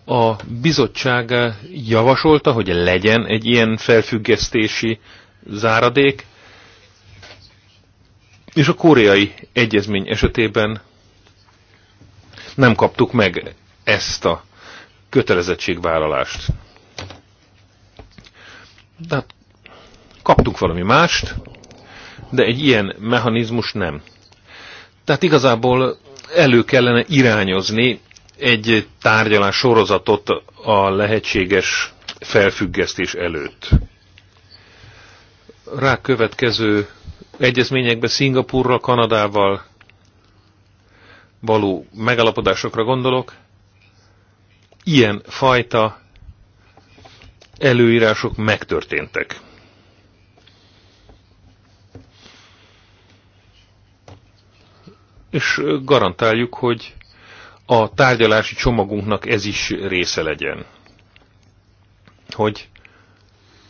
A bizottság javasolta, hogy legyen egy ilyen felfüggesztési záradék, és a koreai egyezmény esetében nem kaptuk meg ezt a kötelezettségvállalást. De hát kaptunk valami mást, de egy ilyen mechanizmus nem. Tehát igazából elő kellene irányozni egy tárgyalás sorozatot a lehetséges felfüggesztés előtt. Rá következő egyezményekbe Szingapurral, Kanadával való megalapodásokra gondolok. Ilyen fajta előírások megtörténtek. és garantáljuk, hogy a tárgyalási csomagunknak ez is része legyen. Hogy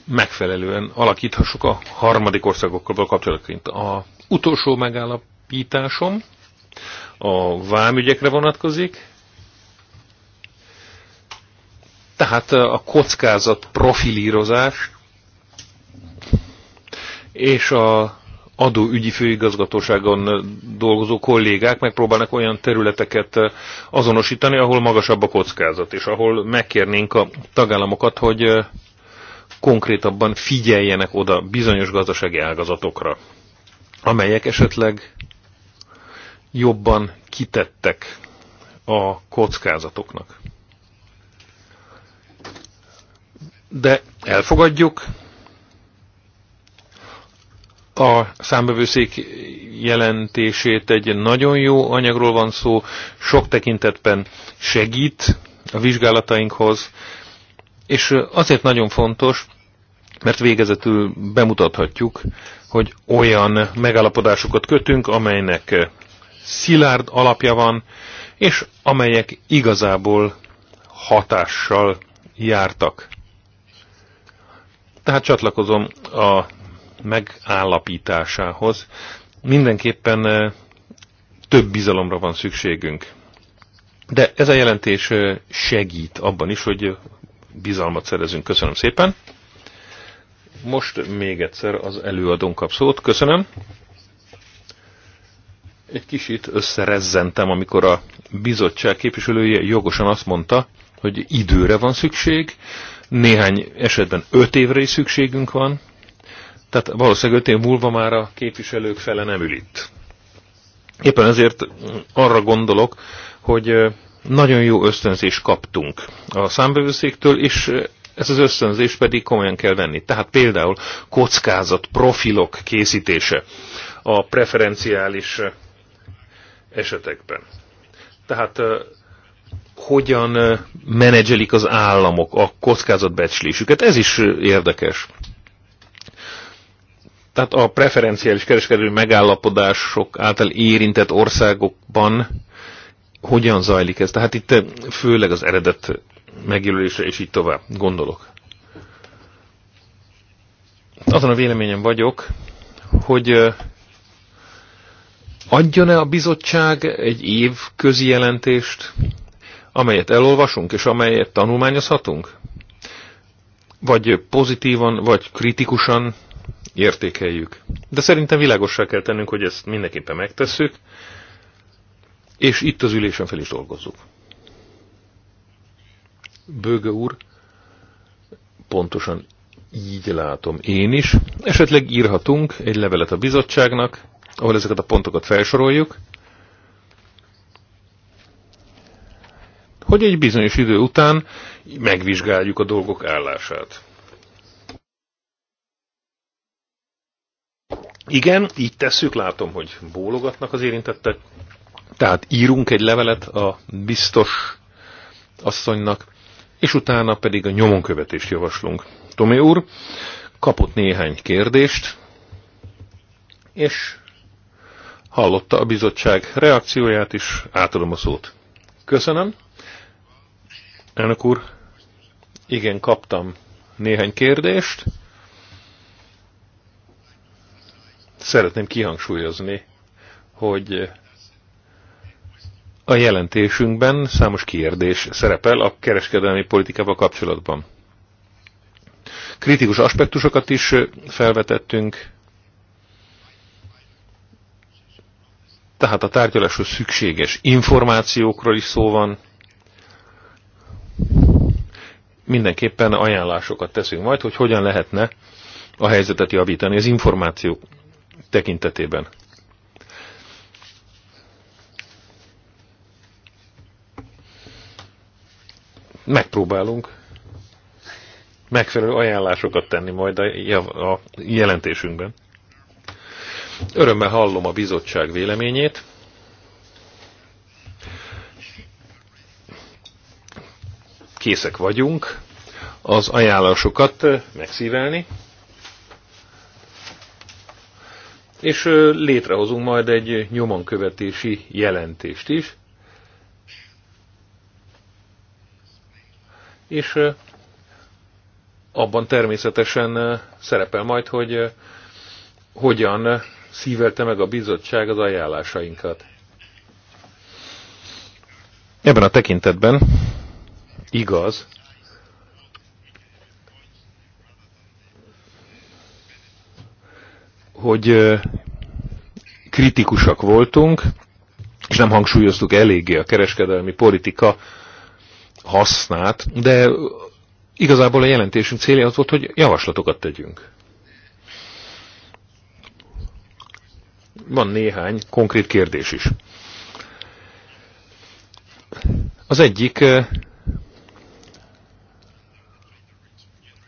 megfelelően alakíthassuk a harmadik országokkal kapcsolatként. A utolsó megállapításom a vámügyekre vonatkozik, tehát a kockázat profilírozás és a adóügyi főigazgatóságon dolgozó kollégák megpróbálnak olyan területeket eh, azonosítani, ahol magasabb a kockázat, és ahol megkérnénk a tagállamokat, hogy eh, konkrétabban figyeljenek oda bizonyos gazdasági ágazatokra, amelyek esetleg jobban kitettek a kockázatoknak. De elfogadjuk, a számbevőszék jelentését egy nagyon jó anyagról van szó, sok tekintetben segít a vizsgálatainkhoz, és azért nagyon fontos, mert végezetül bemutathatjuk, hogy olyan megállapodásokat kötünk, amelynek szilárd alapja van, és amelyek igazából hatással jártak. Tehát csatlakozom a megállapításához mindenképpen több bizalomra van szükségünk. De ez a jelentés segít abban is, hogy bizalmat szerezünk. Köszönöm szépen. Most még egyszer az előadón kap szót. Köszönöm. Egy kicsit összerezzentem, amikor a bizottság képviselője jogosan azt mondta, hogy időre van szükség, néhány esetben öt évre is szükségünk van, tehát valószínűleg öt év múlva már a képviselők fele nem ül itt. Éppen ezért arra gondolok, hogy nagyon jó ösztönzést kaptunk a számbevőszéktől, és ez az ösztönzés pedig komolyan kell venni. Tehát például kockázat, profilok készítése a preferenciális esetekben. Tehát hogyan menedzselik az államok a kockázatbecslésüket, ez is érdekes. Tehát a preferenciális kereskedelmi megállapodások által érintett országokban hogyan zajlik ez? Tehát itt eh, főleg az eredet megjelölése és így tovább gondolok. Azon a véleményem vagyok, hogy eh, adjon-e a bizottság egy év jelentést, amelyet elolvasunk és amelyet tanulmányozhatunk? Vagy pozitívan, vagy kritikusan értékeljük. De szerintem világossá kell tennünk, hogy ezt mindenképpen megtesszük, és itt az ülésen fel is dolgozzuk. Bőge úr, pontosan így látom én is. Esetleg írhatunk egy levelet a bizottságnak, ahol ezeket a pontokat felsoroljuk, hogy egy bizonyos idő után megvizsgáljuk a dolgok állását. Igen, így tesszük, látom, hogy bólogatnak az érintettek. Tehát írunk egy levelet a biztos asszonynak, és utána pedig a nyomonkövetést javaslunk. Tomé úr kapott néhány kérdést, és hallotta a bizottság reakcióját is, átadom a szót. Köszönöm. Elnök úr, igen, kaptam néhány kérdést. szeretném kihangsúlyozni, hogy a jelentésünkben számos kérdés szerepel a kereskedelmi politikával kapcsolatban. Kritikus aspektusokat is felvetettünk, tehát a tárgyaláshoz szükséges információkról is szó van. Mindenképpen ajánlásokat teszünk majd, hogy hogyan lehetne a helyzetet javítani az információk tekintetében. Megpróbálunk megfelelő ajánlásokat tenni majd a jelentésünkben. Örömmel hallom a bizottság véleményét. Készek vagyunk az ajánlásokat megszívelni. és létrehozunk majd egy nyomonkövetési jelentést is. És abban természetesen szerepel majd, hogy hogyan szívelte meg a bizottság az ajánlásainkat. Ebben a tekintetben igaz, hogy kritikusak voltunk, és nem hangsúlyoztuk eléggé a kereskedelmi politika hasznát, de igazából a jelentésünk célja az volt, hogy javaslatokat tegyünk. Van néhány konkrét kérdés is. Az egyik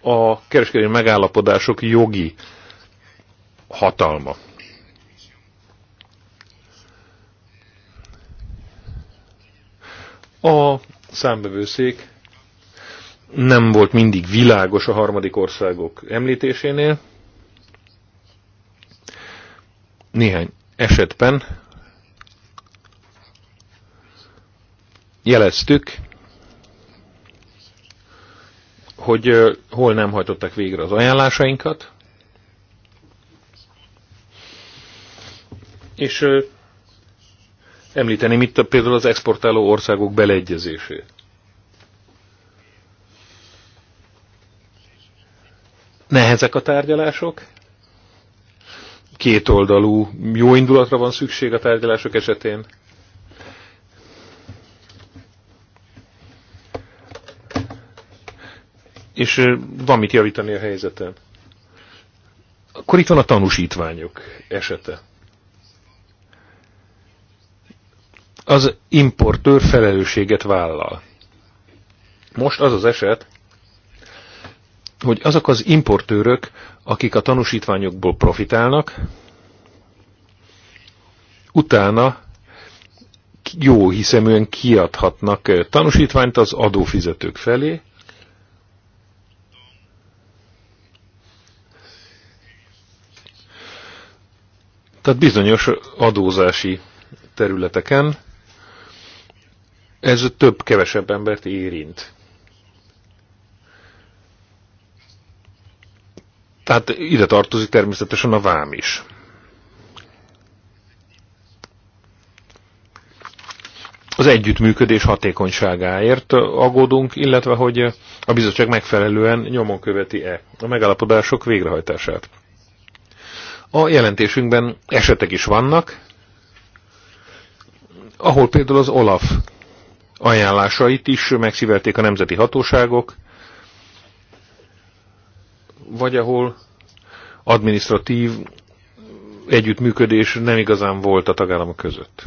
a kereskedelmi megállapodások jogi hatalma. A számbevőszék nem volt mindig világos a harmadik országok említésénél. Néhány esetben jeleztük, hogy hol nem hajtották végre az ajánlásainkat, És említeni, itt a, például az exportáló országok beleegyezését. Nehezek a tárgyalások, kétoldalú jó indulatra van szükség a tárgyalások esetén. És van mit javítani a helyzeten. Akkor itt van a tanúsítványok esete. az importőr felelősséget vállal. Most az az eset, hogy azok az importőrök, akik a tanúsítványokból profitálnak, utána jó hiszeműen kiadhatnak eh, tanúsítványt az adófizetők felé, Tehát bizonyos adózási területeken ez több-kevesebb embert érint. Tehát ide tartozik természetesen a vám is. Az együttműködés hatékonyságáért aggódunk, illetve hogy a bizottság megfelelően nyomon követi-e a megállapodások végrehajtását. A jelentésünkben esetek is vannak, ahol például az Olaf ajánlásait is megszívelték a nemzeti hatóságok, vagy ahol administratív együttműködés nem igazán volt a tagállamok között.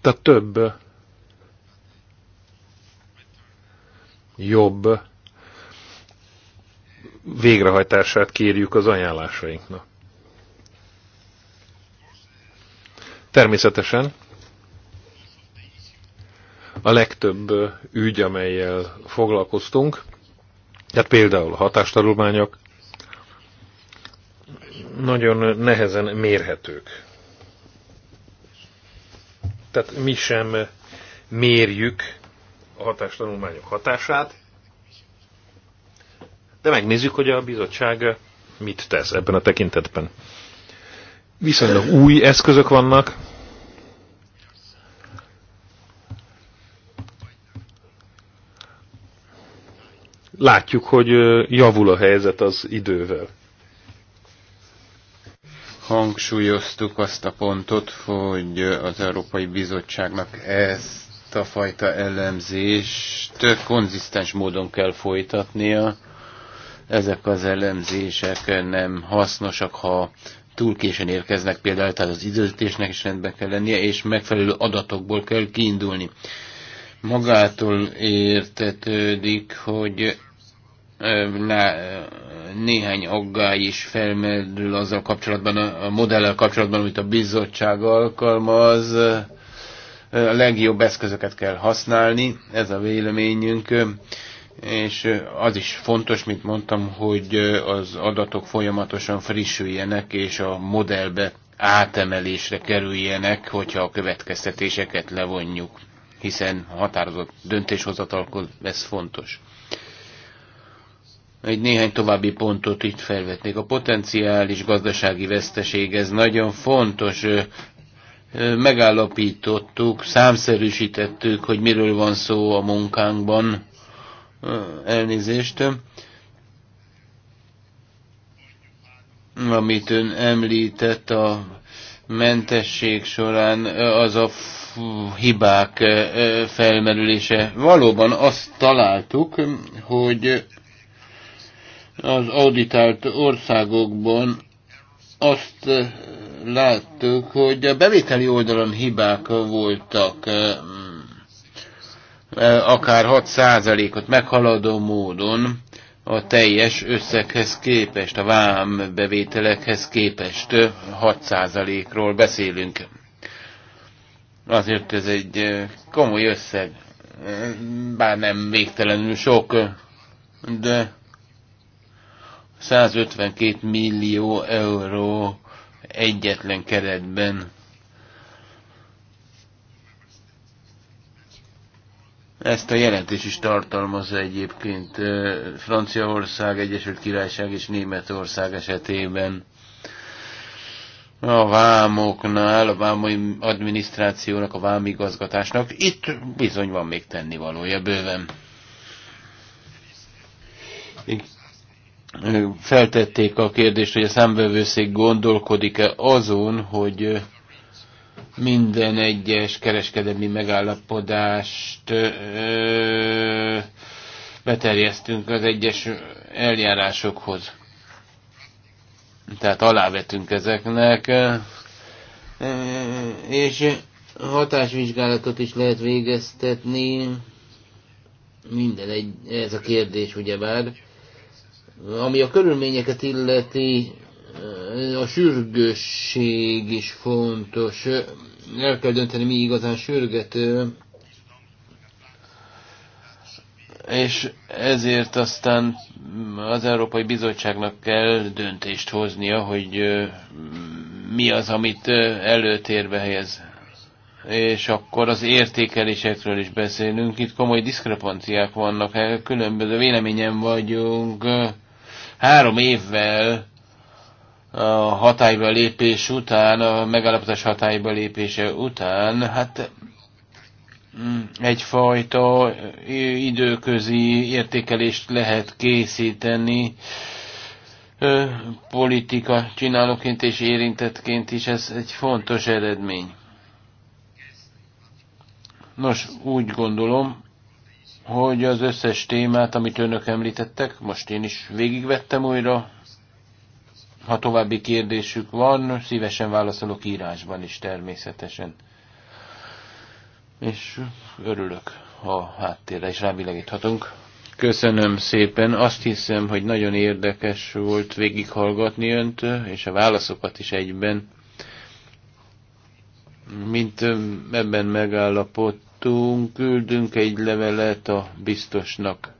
Tehát több, jobb végrehajtását kérjük az ajánlásainknak. Természetesen a legtöbb ügy, amelyel foglalkoztunk, tehát például hatástanulmányok, nagyon nehezen mérhetők. Tehát mi sem mérjük a hatástanulmányok hatását, de megnézzük, hogy a bizottság mit tesz ebben a tekintetben viszonylag új eszközök vannak, látjuk, hogy javul a helyzet az idővel. Hangsúlyoztuk azt a pontot, hogy az Európai Bizottságnak ezt a fajta elemzést konzisztens módon kell folytatnia. Ezek az elemzések nem hasznosak, ha túl későn érkeznek például, tehát az időzítésnek is rendben kell lennie, és megfelelő adatokból kell kiindulni. Magától értetődik, hogy néhány aggály is felmerül azzal kapcsolatban, a modellel kapcsolatban, amit a bizottság alkalmaz. A legjobb eszközöket kell használni, ez a véleményünk és az is fontos, mint mondtam, hogy az adatok folyamatosan frissüljenek, és a modellbe átemelésre kerüljenek, hogyha a következtetéseket levonjuk, hiszen a határozott döntéshozatalkoz ez fontos. Egy néhány további pontot itt felvetnék. A potenciális gazdasági veszteség, ez nagyon fontos. Megállapítottuk, számszerűsítettük, hogy miről van szó a munkánkban, elnézést, amit ön említett a mentesség során, az a hibák felmerülése. Valóban azt találtuk, hogy az auditált országokban azt láttuk, hogy a bevételi oldalon hibák voltak akár 6%-ot meghaladó módon a teljes összeghez képest, a vám bevételekhez képest 6%-ról beszélünk. Azért ez egy komoly összeg, bár nem végtelenül sok, de 152 millió euró egyetlen keretben Ezt a jelentés is tartalmazza egyébként Franciaország, Egyesült Királyság és Németország esetében. A vámoknál, a vámai adminisztrációnak, a vámigazgatásnak itt bizony van még tennivalója bőven. Feltették a kérdést, hogy a számbevőszék gondolkodik-e azon, hogy minden egyes kereskedelmi megállapodást ö, beterjesztünk az egyes eljárásokhoz. Tehát alávetünk ezeknek, és hatásvizsgálatot is lehet végeztetni. Minden egy, ez a kérdés, ugyebár. Ami a körülményeket illeti, a sürgősség is fontos. El kell dönteni, mi igazán sürgető. És ezért aztán az Európai Bizottságnak kell döntést hoznia, hogy mi az, amit előtérbe helyez. És akkor az értékelésekről is beszélünk. Itt komoly diszkrepanciák vannak, különböző véleményen vagyunk. Három évvel a hatályba lépés után, a megállapodás hatályba lépése után, hát mm, egyfajta időközi értékelést lehet készíteni politika csinálóként és érintettként is, ez egy fontos eredmény. Nos, úgy gondolom, hogy az összes témát, amit önök említettek, most én is végigvettem újra, ha további kérdésük van, szívesen válaszolok írásban is természetesen. És örülök, ha háttérre is rávilegíthatunk. Köszönöm szépen. Azt hiszem, hogy nagyon érdekes volt végighallgatni önt, és a válaszokat is egyben. Mint ebben megállapodtunk, küldünk egy levelet a biztosnak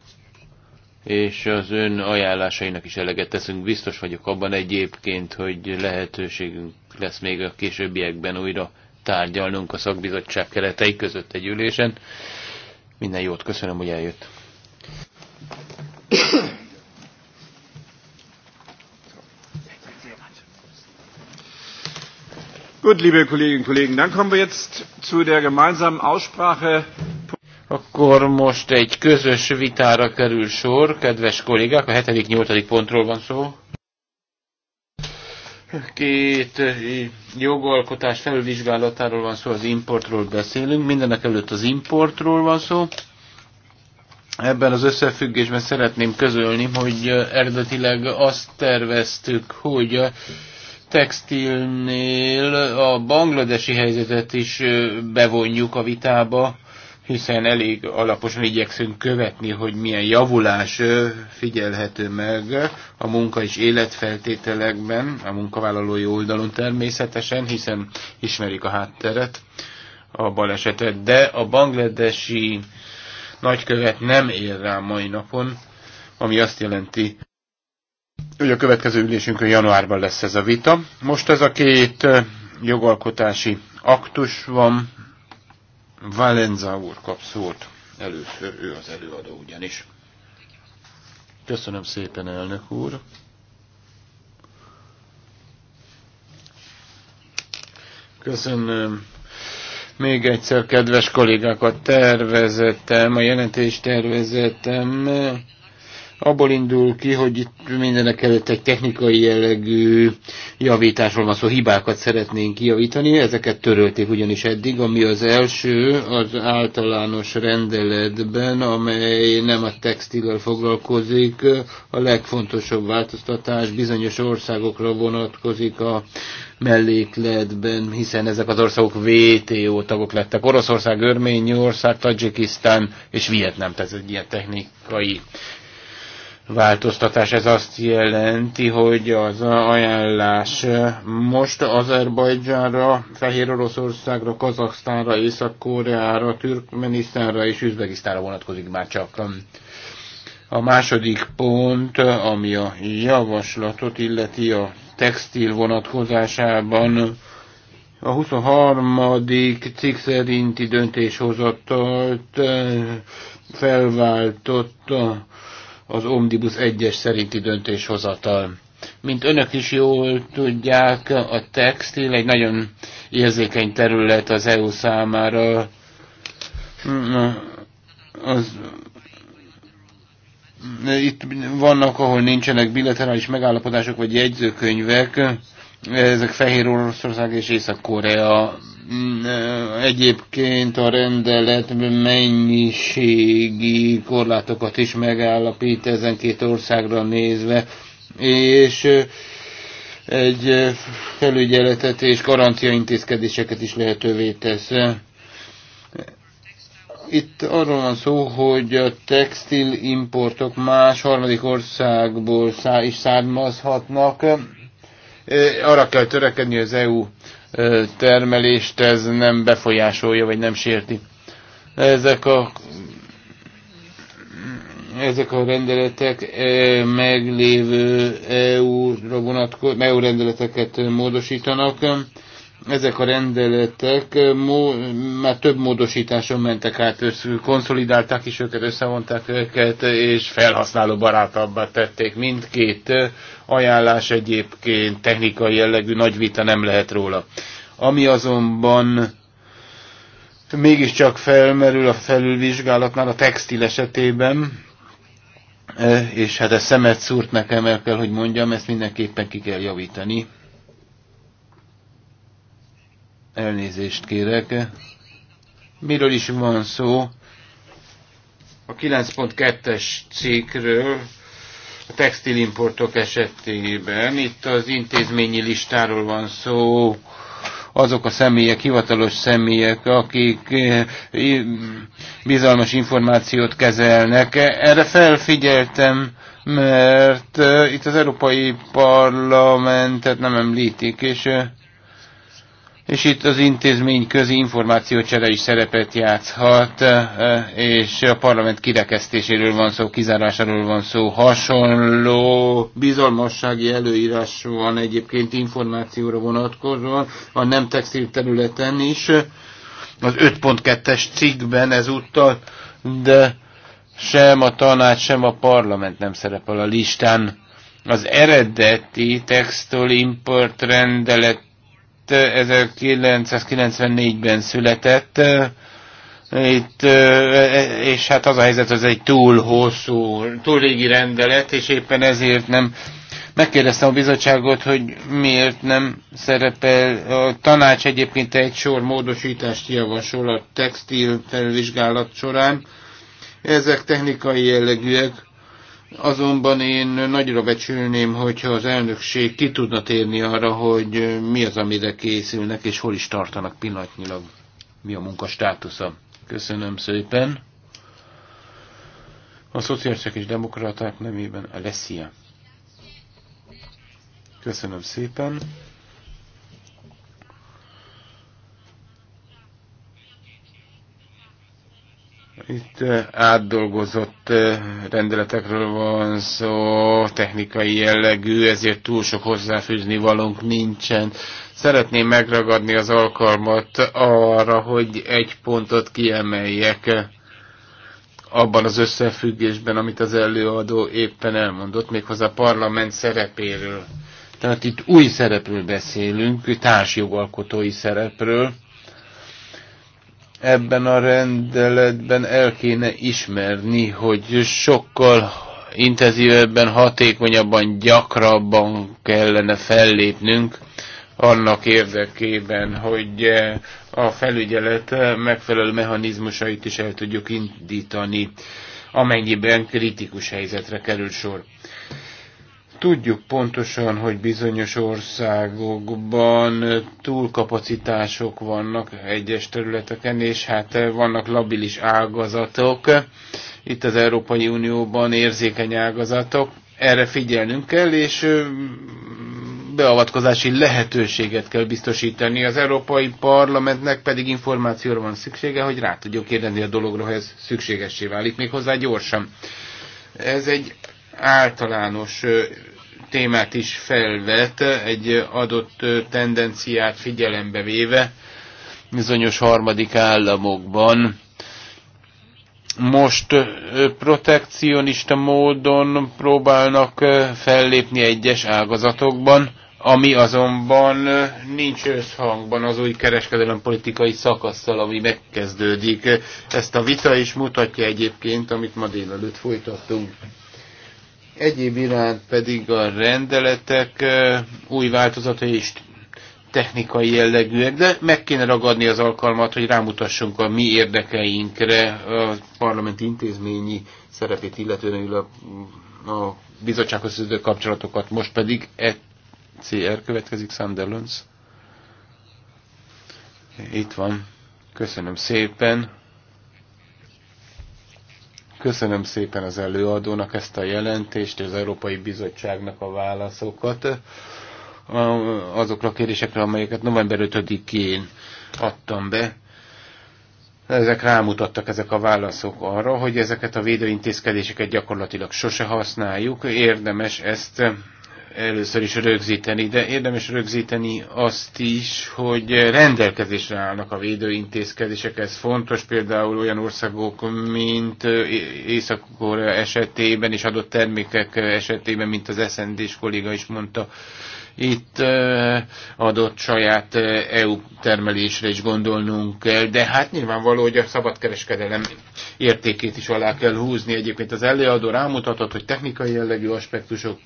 és az ön ajánlásainak is eleget teszünk. Biztos vagyok abban egyébként, hogy lehetőségünk lesz még a későbbiekben újra tárgyalnunk a szakbizottság keretei között egy ülésen. Minden jót, köszönöm, hogy eljött. Gut, liebe Kolleginnen und Kollegen, dann kommen wir jetzt zu der gemeinsamen Aussprache. Akkor most egy közös vitára kerül sor, kedves kollégák, a 7.-8. pontról van szó. Két jogalkotás felülvizsgálatáról van szó, az importról beszélünk, mindenek előtt az importról van szó. Ebben az összefüggésben szeretném közölni, hogy eredetileg azt terveztük, hogy a textilnél a bangladesi helyzetet is bevonjuk a vitába, hiszen elég alaposan igyekszünk követni, hogy milyen javulás figyelhető meg a munka és életfeltételekben, a munkavállalói oldalon természetesen, hiszen ismerik a hátteret, a balesetet, de a bangladesi nagykövet nem ér rá mai napon, ami azt jelenti, hogy a következő ülésünkön januárban lesz ez a vita. Most ez a két jogalkotási aktus van Valenza úr kap szót. Először ő az előadó ugyanis. Köszönöm szépen, elnök úr. Köszönöm. Még egyszer, kedves kollégákat, tervezettem, a jelentés tervezettem abból indul ki, hogy itt mindenek előtt egy technikai jellegű javításról van szó, szóval hibákat szeretnénk kijavítani, ezeket törölték ugyanis eddig, ami az első az általános rendeletben, amely nem a textillel foglalkozik, a legfontosabb változtatás bizonyos országokra vonatkozik a mellékletben, hiszen ezek az országok VTO tagok lettek. Oroszország, Örményország, Tajikisztán és Vietnám, tehát ez egy ilyen technikai változtatás. Ez azt jelenti, hogy az ajánlás most Azerbajdzsánra, Fehér Oroszországra, Kazaksztánra, Észak-Koreára, Türkmenisztánra és Üzbegisztánra vonatkozik már csak. A második pont, ami a javaslatot illeti a textil vonatkozásában, a 23. cikk szerinti döntéshozatalt eh, felváltotta az Omnibus 1-es szerinti döntéshozatal. Mint önök is jól tudják, a textil egy nagyon érzékeny terület az EU számára. Az itt vannak, ahol nincsenek bilaterális megállapodások vagy jegyzőkönyvek, ezek Fehér Oroszország és Észak-Korea. Mm, egyébként a rendelet mennyiségi korlátokat is megállapít ezen két országra nézve, és egy felügyeletet és garancia intézkedéseket is lehetővé tesz. Itt arról van szó, hogy a textil importok más harmadik országból is származhatnak, arra kell törekedni, hogy az EU termelést ez nem befolyásolja, vagy nem sérti. Ezek a ezek a rendeletek meglévő EU-ra vonatkozó EU rendeleteket módosítanak, ezek a rendeletek eh, mó, már több módosításon mentek át, konszolidálták is őket, összevonták őket, és felhasználó barátabbá tették mindkét eh, ajánlás egyébként, technikai jellegű nagy vita nem lehet róla. Ami azonban mégiscsak felmerül a felülvizsgálatnál a textil esetében, eh, és hát ez szemet szúrt nekem, el kell, hogy mondjam, ezt mindenképpen ki kell javítani Elnézést kérek. Miről is van szó? A 9.2-es cikkről a textilimportok esetében. Itt az intézményi listáról van szó azok a személyek, hivatalos személyek, akik eh, bizalmas információt kezelnek. Erre felfigyeltem, mert eh, itt az Európai Parlamentet nem említik, és eh, és itt az intézmény közi információcsere is szerepet játszhat, eh, és a parlament kirekesztéséről van szó, kizárásáról van szó, hasonló bizalmassági előírás van egyébként információra vonatkozóan, a nem textil területen is, az 5.2-es cikkben ezúttal, de sem a tanács, sem a parlament nem szerepel a listán. Az eredeti textil import rendelet 1994-ben született, itt, e, és hát az a helyzet, az egy túl hosszú, túl régi rendelet, és éppen ezért nem megkérdeztem a bizottságot, hogy miért nem szerepel. A tanács egyébként egy sor módosítást javasol a textil felvizsgálat során. Ezek technikai jellegűek, Azonban én nagyra becsülném, hogyha az elnökség ki tudna térni arra, hogy mi az, amire készülnek, és hol is tartanak pillanatnyilag, mi a munka státusza. Köszönöm szépen. A szociálisek és demokraták nemében leszia. Köszönöm szépen. Itt eh, átdolgozott eh, rendeletekről van szó, technikai jellegű, ezért túl sok hozzáfűzni valónk nincsen. Szeretném megragadni az alkalmat arra, hogy egy pontot kiemeljek eh, abban az összefüggésben, amit az előadó éppen elmondott, méghozzá a parlament szerepéről. Tehát itt új szerepről beszélünk, társjogalkotói szerepről ebben a rendeletben el kéne ismerni, hogy sokkal intenzívebben, hatékonyabban, gyakrabban kellene fellépnünk annak érdekében, hogy eh, a felügyelet megfelelő mechanizmusait is el tudjuk indítani, amennyiben kritikus helyzetre kerül sor. Tudjuk pontosan, hogy bizonyos országokban túlkapacitások vannak egyes területeken, és hát vannak labilis ágazatok. Itt az Európai Unióban érzékeny ágazatok. Erre figyelnünk kell, és beavatkozási lehetőséget kell biztosítani. Az Európai Parlamentnek pedig információra van szüksége, hogy rá tudjuk kérdezni a dologra, hogy ez szükségessé válik, méghozzá gyorsan. Ez egy általános témát is felvet, egy adott tendenciát figyelembe véve bizonyos harmadik államokban. Most protekcionista módon próbálnak fellépni egyes ágazatokban, ami azonban nincs összhangban az új politikai szakaszsal, ami megkezdődik. Ezt a vita is mutatja egyébként, amit ma délelőtt folytattunk. Egyéb iránt pedig a rendeletek új változata is technikai jellegűek, de meg kéne ragadni az alkalmat, hogy rámutassunk a mi érdekeinkre a parlamenti intézményi szerepét, illetően a, a bizottsághoz szűző kapcsolatokat. Most pedig ECR következik, Sunderlands. Itt van. Köszönöm szépen. Köszönöm szépen az előadónak ezt a jelentést, az Európai Bizottságnak a válaszokat azokra a kérdésekre, amelyeket november 5-én adtam be. Ezek rámutattak ezek a válaszok arra, hogy ezeket a védőintézkedéseket gyakorlatilag sose használjuk. Érdemes ezt először is rögzíteni, de érdemes rögzíteni azt is, hogy rendelkezésre állnak a védőintézkedések. Ez fontos például olyan országok, mint észak esetében és adott termékek esetében, mint az SND-s kolléga is mondta, itt adott saját EU termelésre is gondolnunk kell, de hát nyilvánvaló, hogy a szabadkereskedelem értékét is alá kell húzni. Egyébként az előadó rámutatott, hogy technikai jellegű aspektusok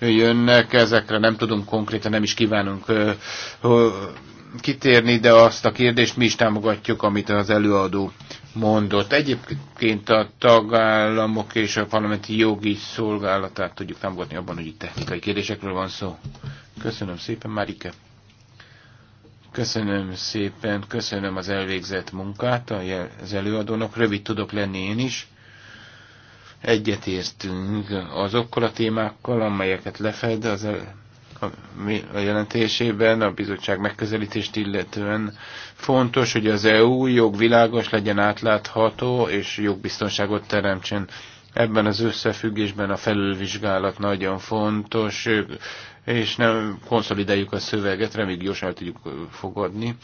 jönnek, ezekre nem tudunk konkrétan, nem is kívánunk kitérni, de azt a kérdést mi is támogatjuk, amit az előadó mondott. Egyébként a tagállamok és a parlamenti jogi szolgálatát tudjuk támogatni abban, hogy itt technikai kérdésekről van szó. Köszönöm szépen, Márike. Köszönöm szépen, köszönöm az elvégzett munkát az előadónak. Rövid tudok lenni én is egyetértünk azokkal a témákkal, amelyeket lefed az el, a, a jelentésében, a bizottság megközelítést illetően. Fontos, hogy az EU jog világos legyen átlátható, és jogbiztonságot teremtsen. Ebben az összefüggésben a felülvizsgálat nagyon fontos, és nem konszolidáljuk a szöveget, reméljük gyorsan tudjuk fogadni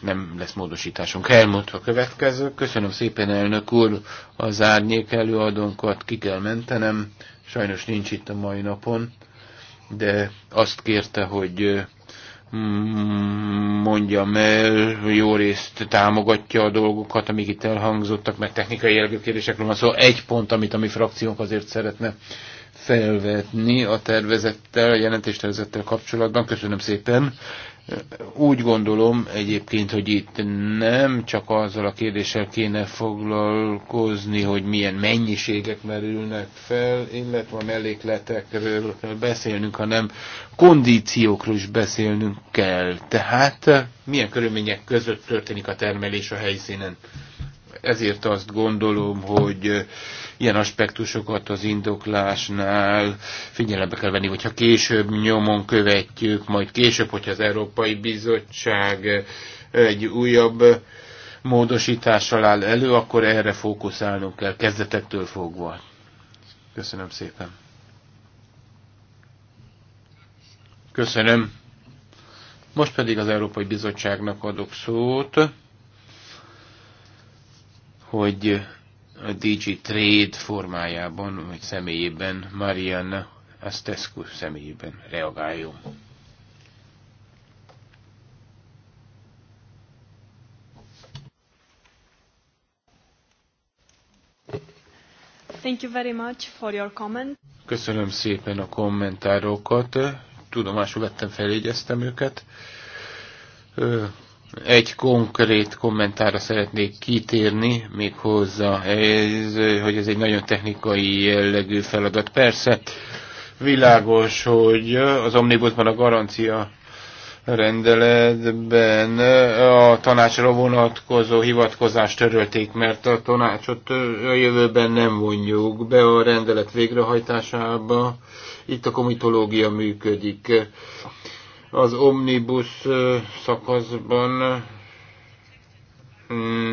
nem lesz módosításunk. Helmut, a következő. Köszönöm szépen, elnök úr, az árnyék előadónkat ki kell mentenem. Sajnos nincs itt a mai napon, de azt kérte, hogy mondjam el, jó részt támogatja a dolgokat, amik itt elhangzottak, meg technikai jellegű kérdésekről van szó. Szóval egy pont, amit a mi frakciónk azért szeretne felvetni a tervezettel, a jelentéstervezettel kapcsolatban. Köszönöm szépen úgy gondolom egyébként, hogy itt nem csak azzal a kérdéssel kéne foglalkozni, hogy milyen mennyiségek merülnek fel, illetve a mellékletekről kell beszélnünk, hanem kondíciókról is beszélnünk kell. Tehát milyen körülmények között történik a termelés a helyszínen. Ezért azt gondolom, hogy ilyen aspektusokat az indoklásnál figyelembe kell venni, hogyha később nyomon követjük, majd később, hogyha az Európai Bizottság egy újabb módosítással áll elő, akkor erre fókuszálnunk kell kezdetektől fogva. Köszönöm szépen. Köszönöm. Most pedig az Európai Bizottságnak adok szót, hogy a DG Trade formájában, vagy személyében, Marianna Astescu személyében reagáljon. Thank you very much for your comment. Köszönöm szépen a kommentárokat. Tudomásul vettem, feljegyeztem őket egy konkrét kommentára szeretnék kitérni, még hozzá, ez, hogy ez egy nagyon technikai jellegű feladat. Persze, világos, hogy az Omnibusban a garancia rendeletben a tanácsra vonatkozó hivatkozást törölték, mert a tanácsot a jövőben nem vonjuk be a rendelet végrehajtásába. Itt a komitológia működik az omnibus szakaszban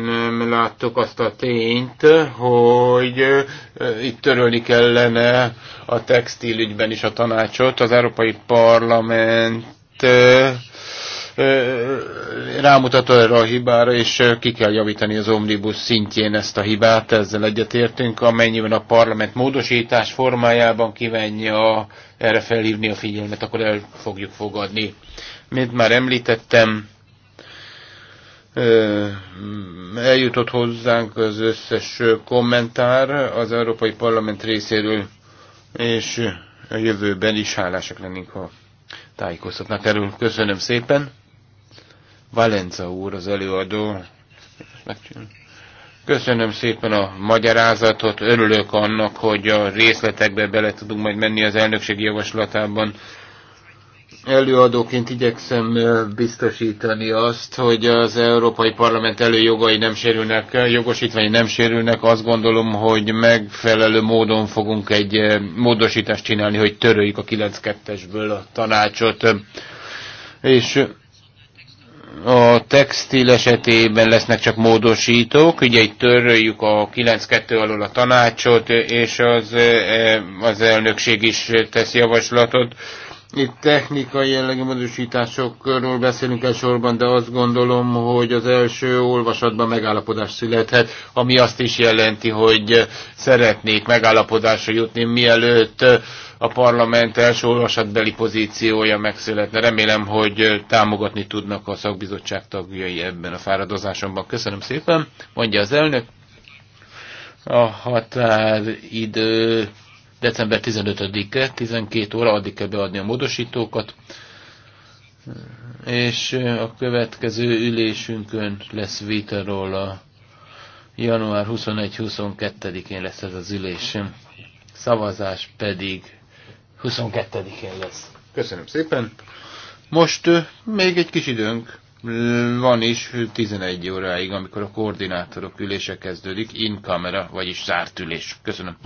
nem láttuk azt a tényt, hogy itt törölni kellene a textilügyben is a tanácsot. Az Európai Parlament rámutat arra a hibára, és ki kell javítani az omnibus szintjén ezt a hibát, ezzel egyetértünk, amennyiben a parlament módosítás formájában kívánja erre felhívni a figyelmet, akkor el fogjuk fogadni. Mint már említettem, eljutott hozzánk az összes kommentár az Európai Parlament részéről, és a jövőben is hálásak lennénk, ha tájékoztatnak erről. Köszönöm szépen! Valenza úr az előadó. Köszönöm szépen a magyarázatot, örülök annak, hogy a részletekbe bele tudunk majd menni az elnökségi javaslatában. Előadóként igyekszem biztosítani azt, hogy az Európai Parlament előjogai nem sérülnek, jogosítványi nem sérülnek. Azt gondolom, hogy megfelelő módon fogunk egy módosítást csinálni, hogy töröljük a 9-2-esből a tanácsot. És a textil esetében lesznek csak módosítók, ugye itt töröljük a 9.2 alól a tanácsot, és az, eh, az elnökség is tesz javaslatot itt technikai jellegű módosításokról beszélünk elsorban, de azt gondolom, hogy az első olvasatban megállapodás születhet, ami azt is jelenti, hogy szeretnék megállapodásra jutni, mielőtt a parlament első olvasatbeli pozíciója megszületne. Remélem, hogy támogatni tudnak a szakbizottság tagjai ebben a fáradozásomban. Köszönöm szépen, mondja az elnök. A határidő december 15-e, 12 óra, addig kell beadni a módosítókat, és a következő ülésünkön lesz vita róla. Január 21-22-én lesz ez az ülés. Szavazás pedig 22-én lesz. Köszönöm szépen. Most még egy kis időnk van is 11 óráig, amikor a koordinátorok ülése kezdődik, in camera, vagyis zárt ülés. Köszönöm.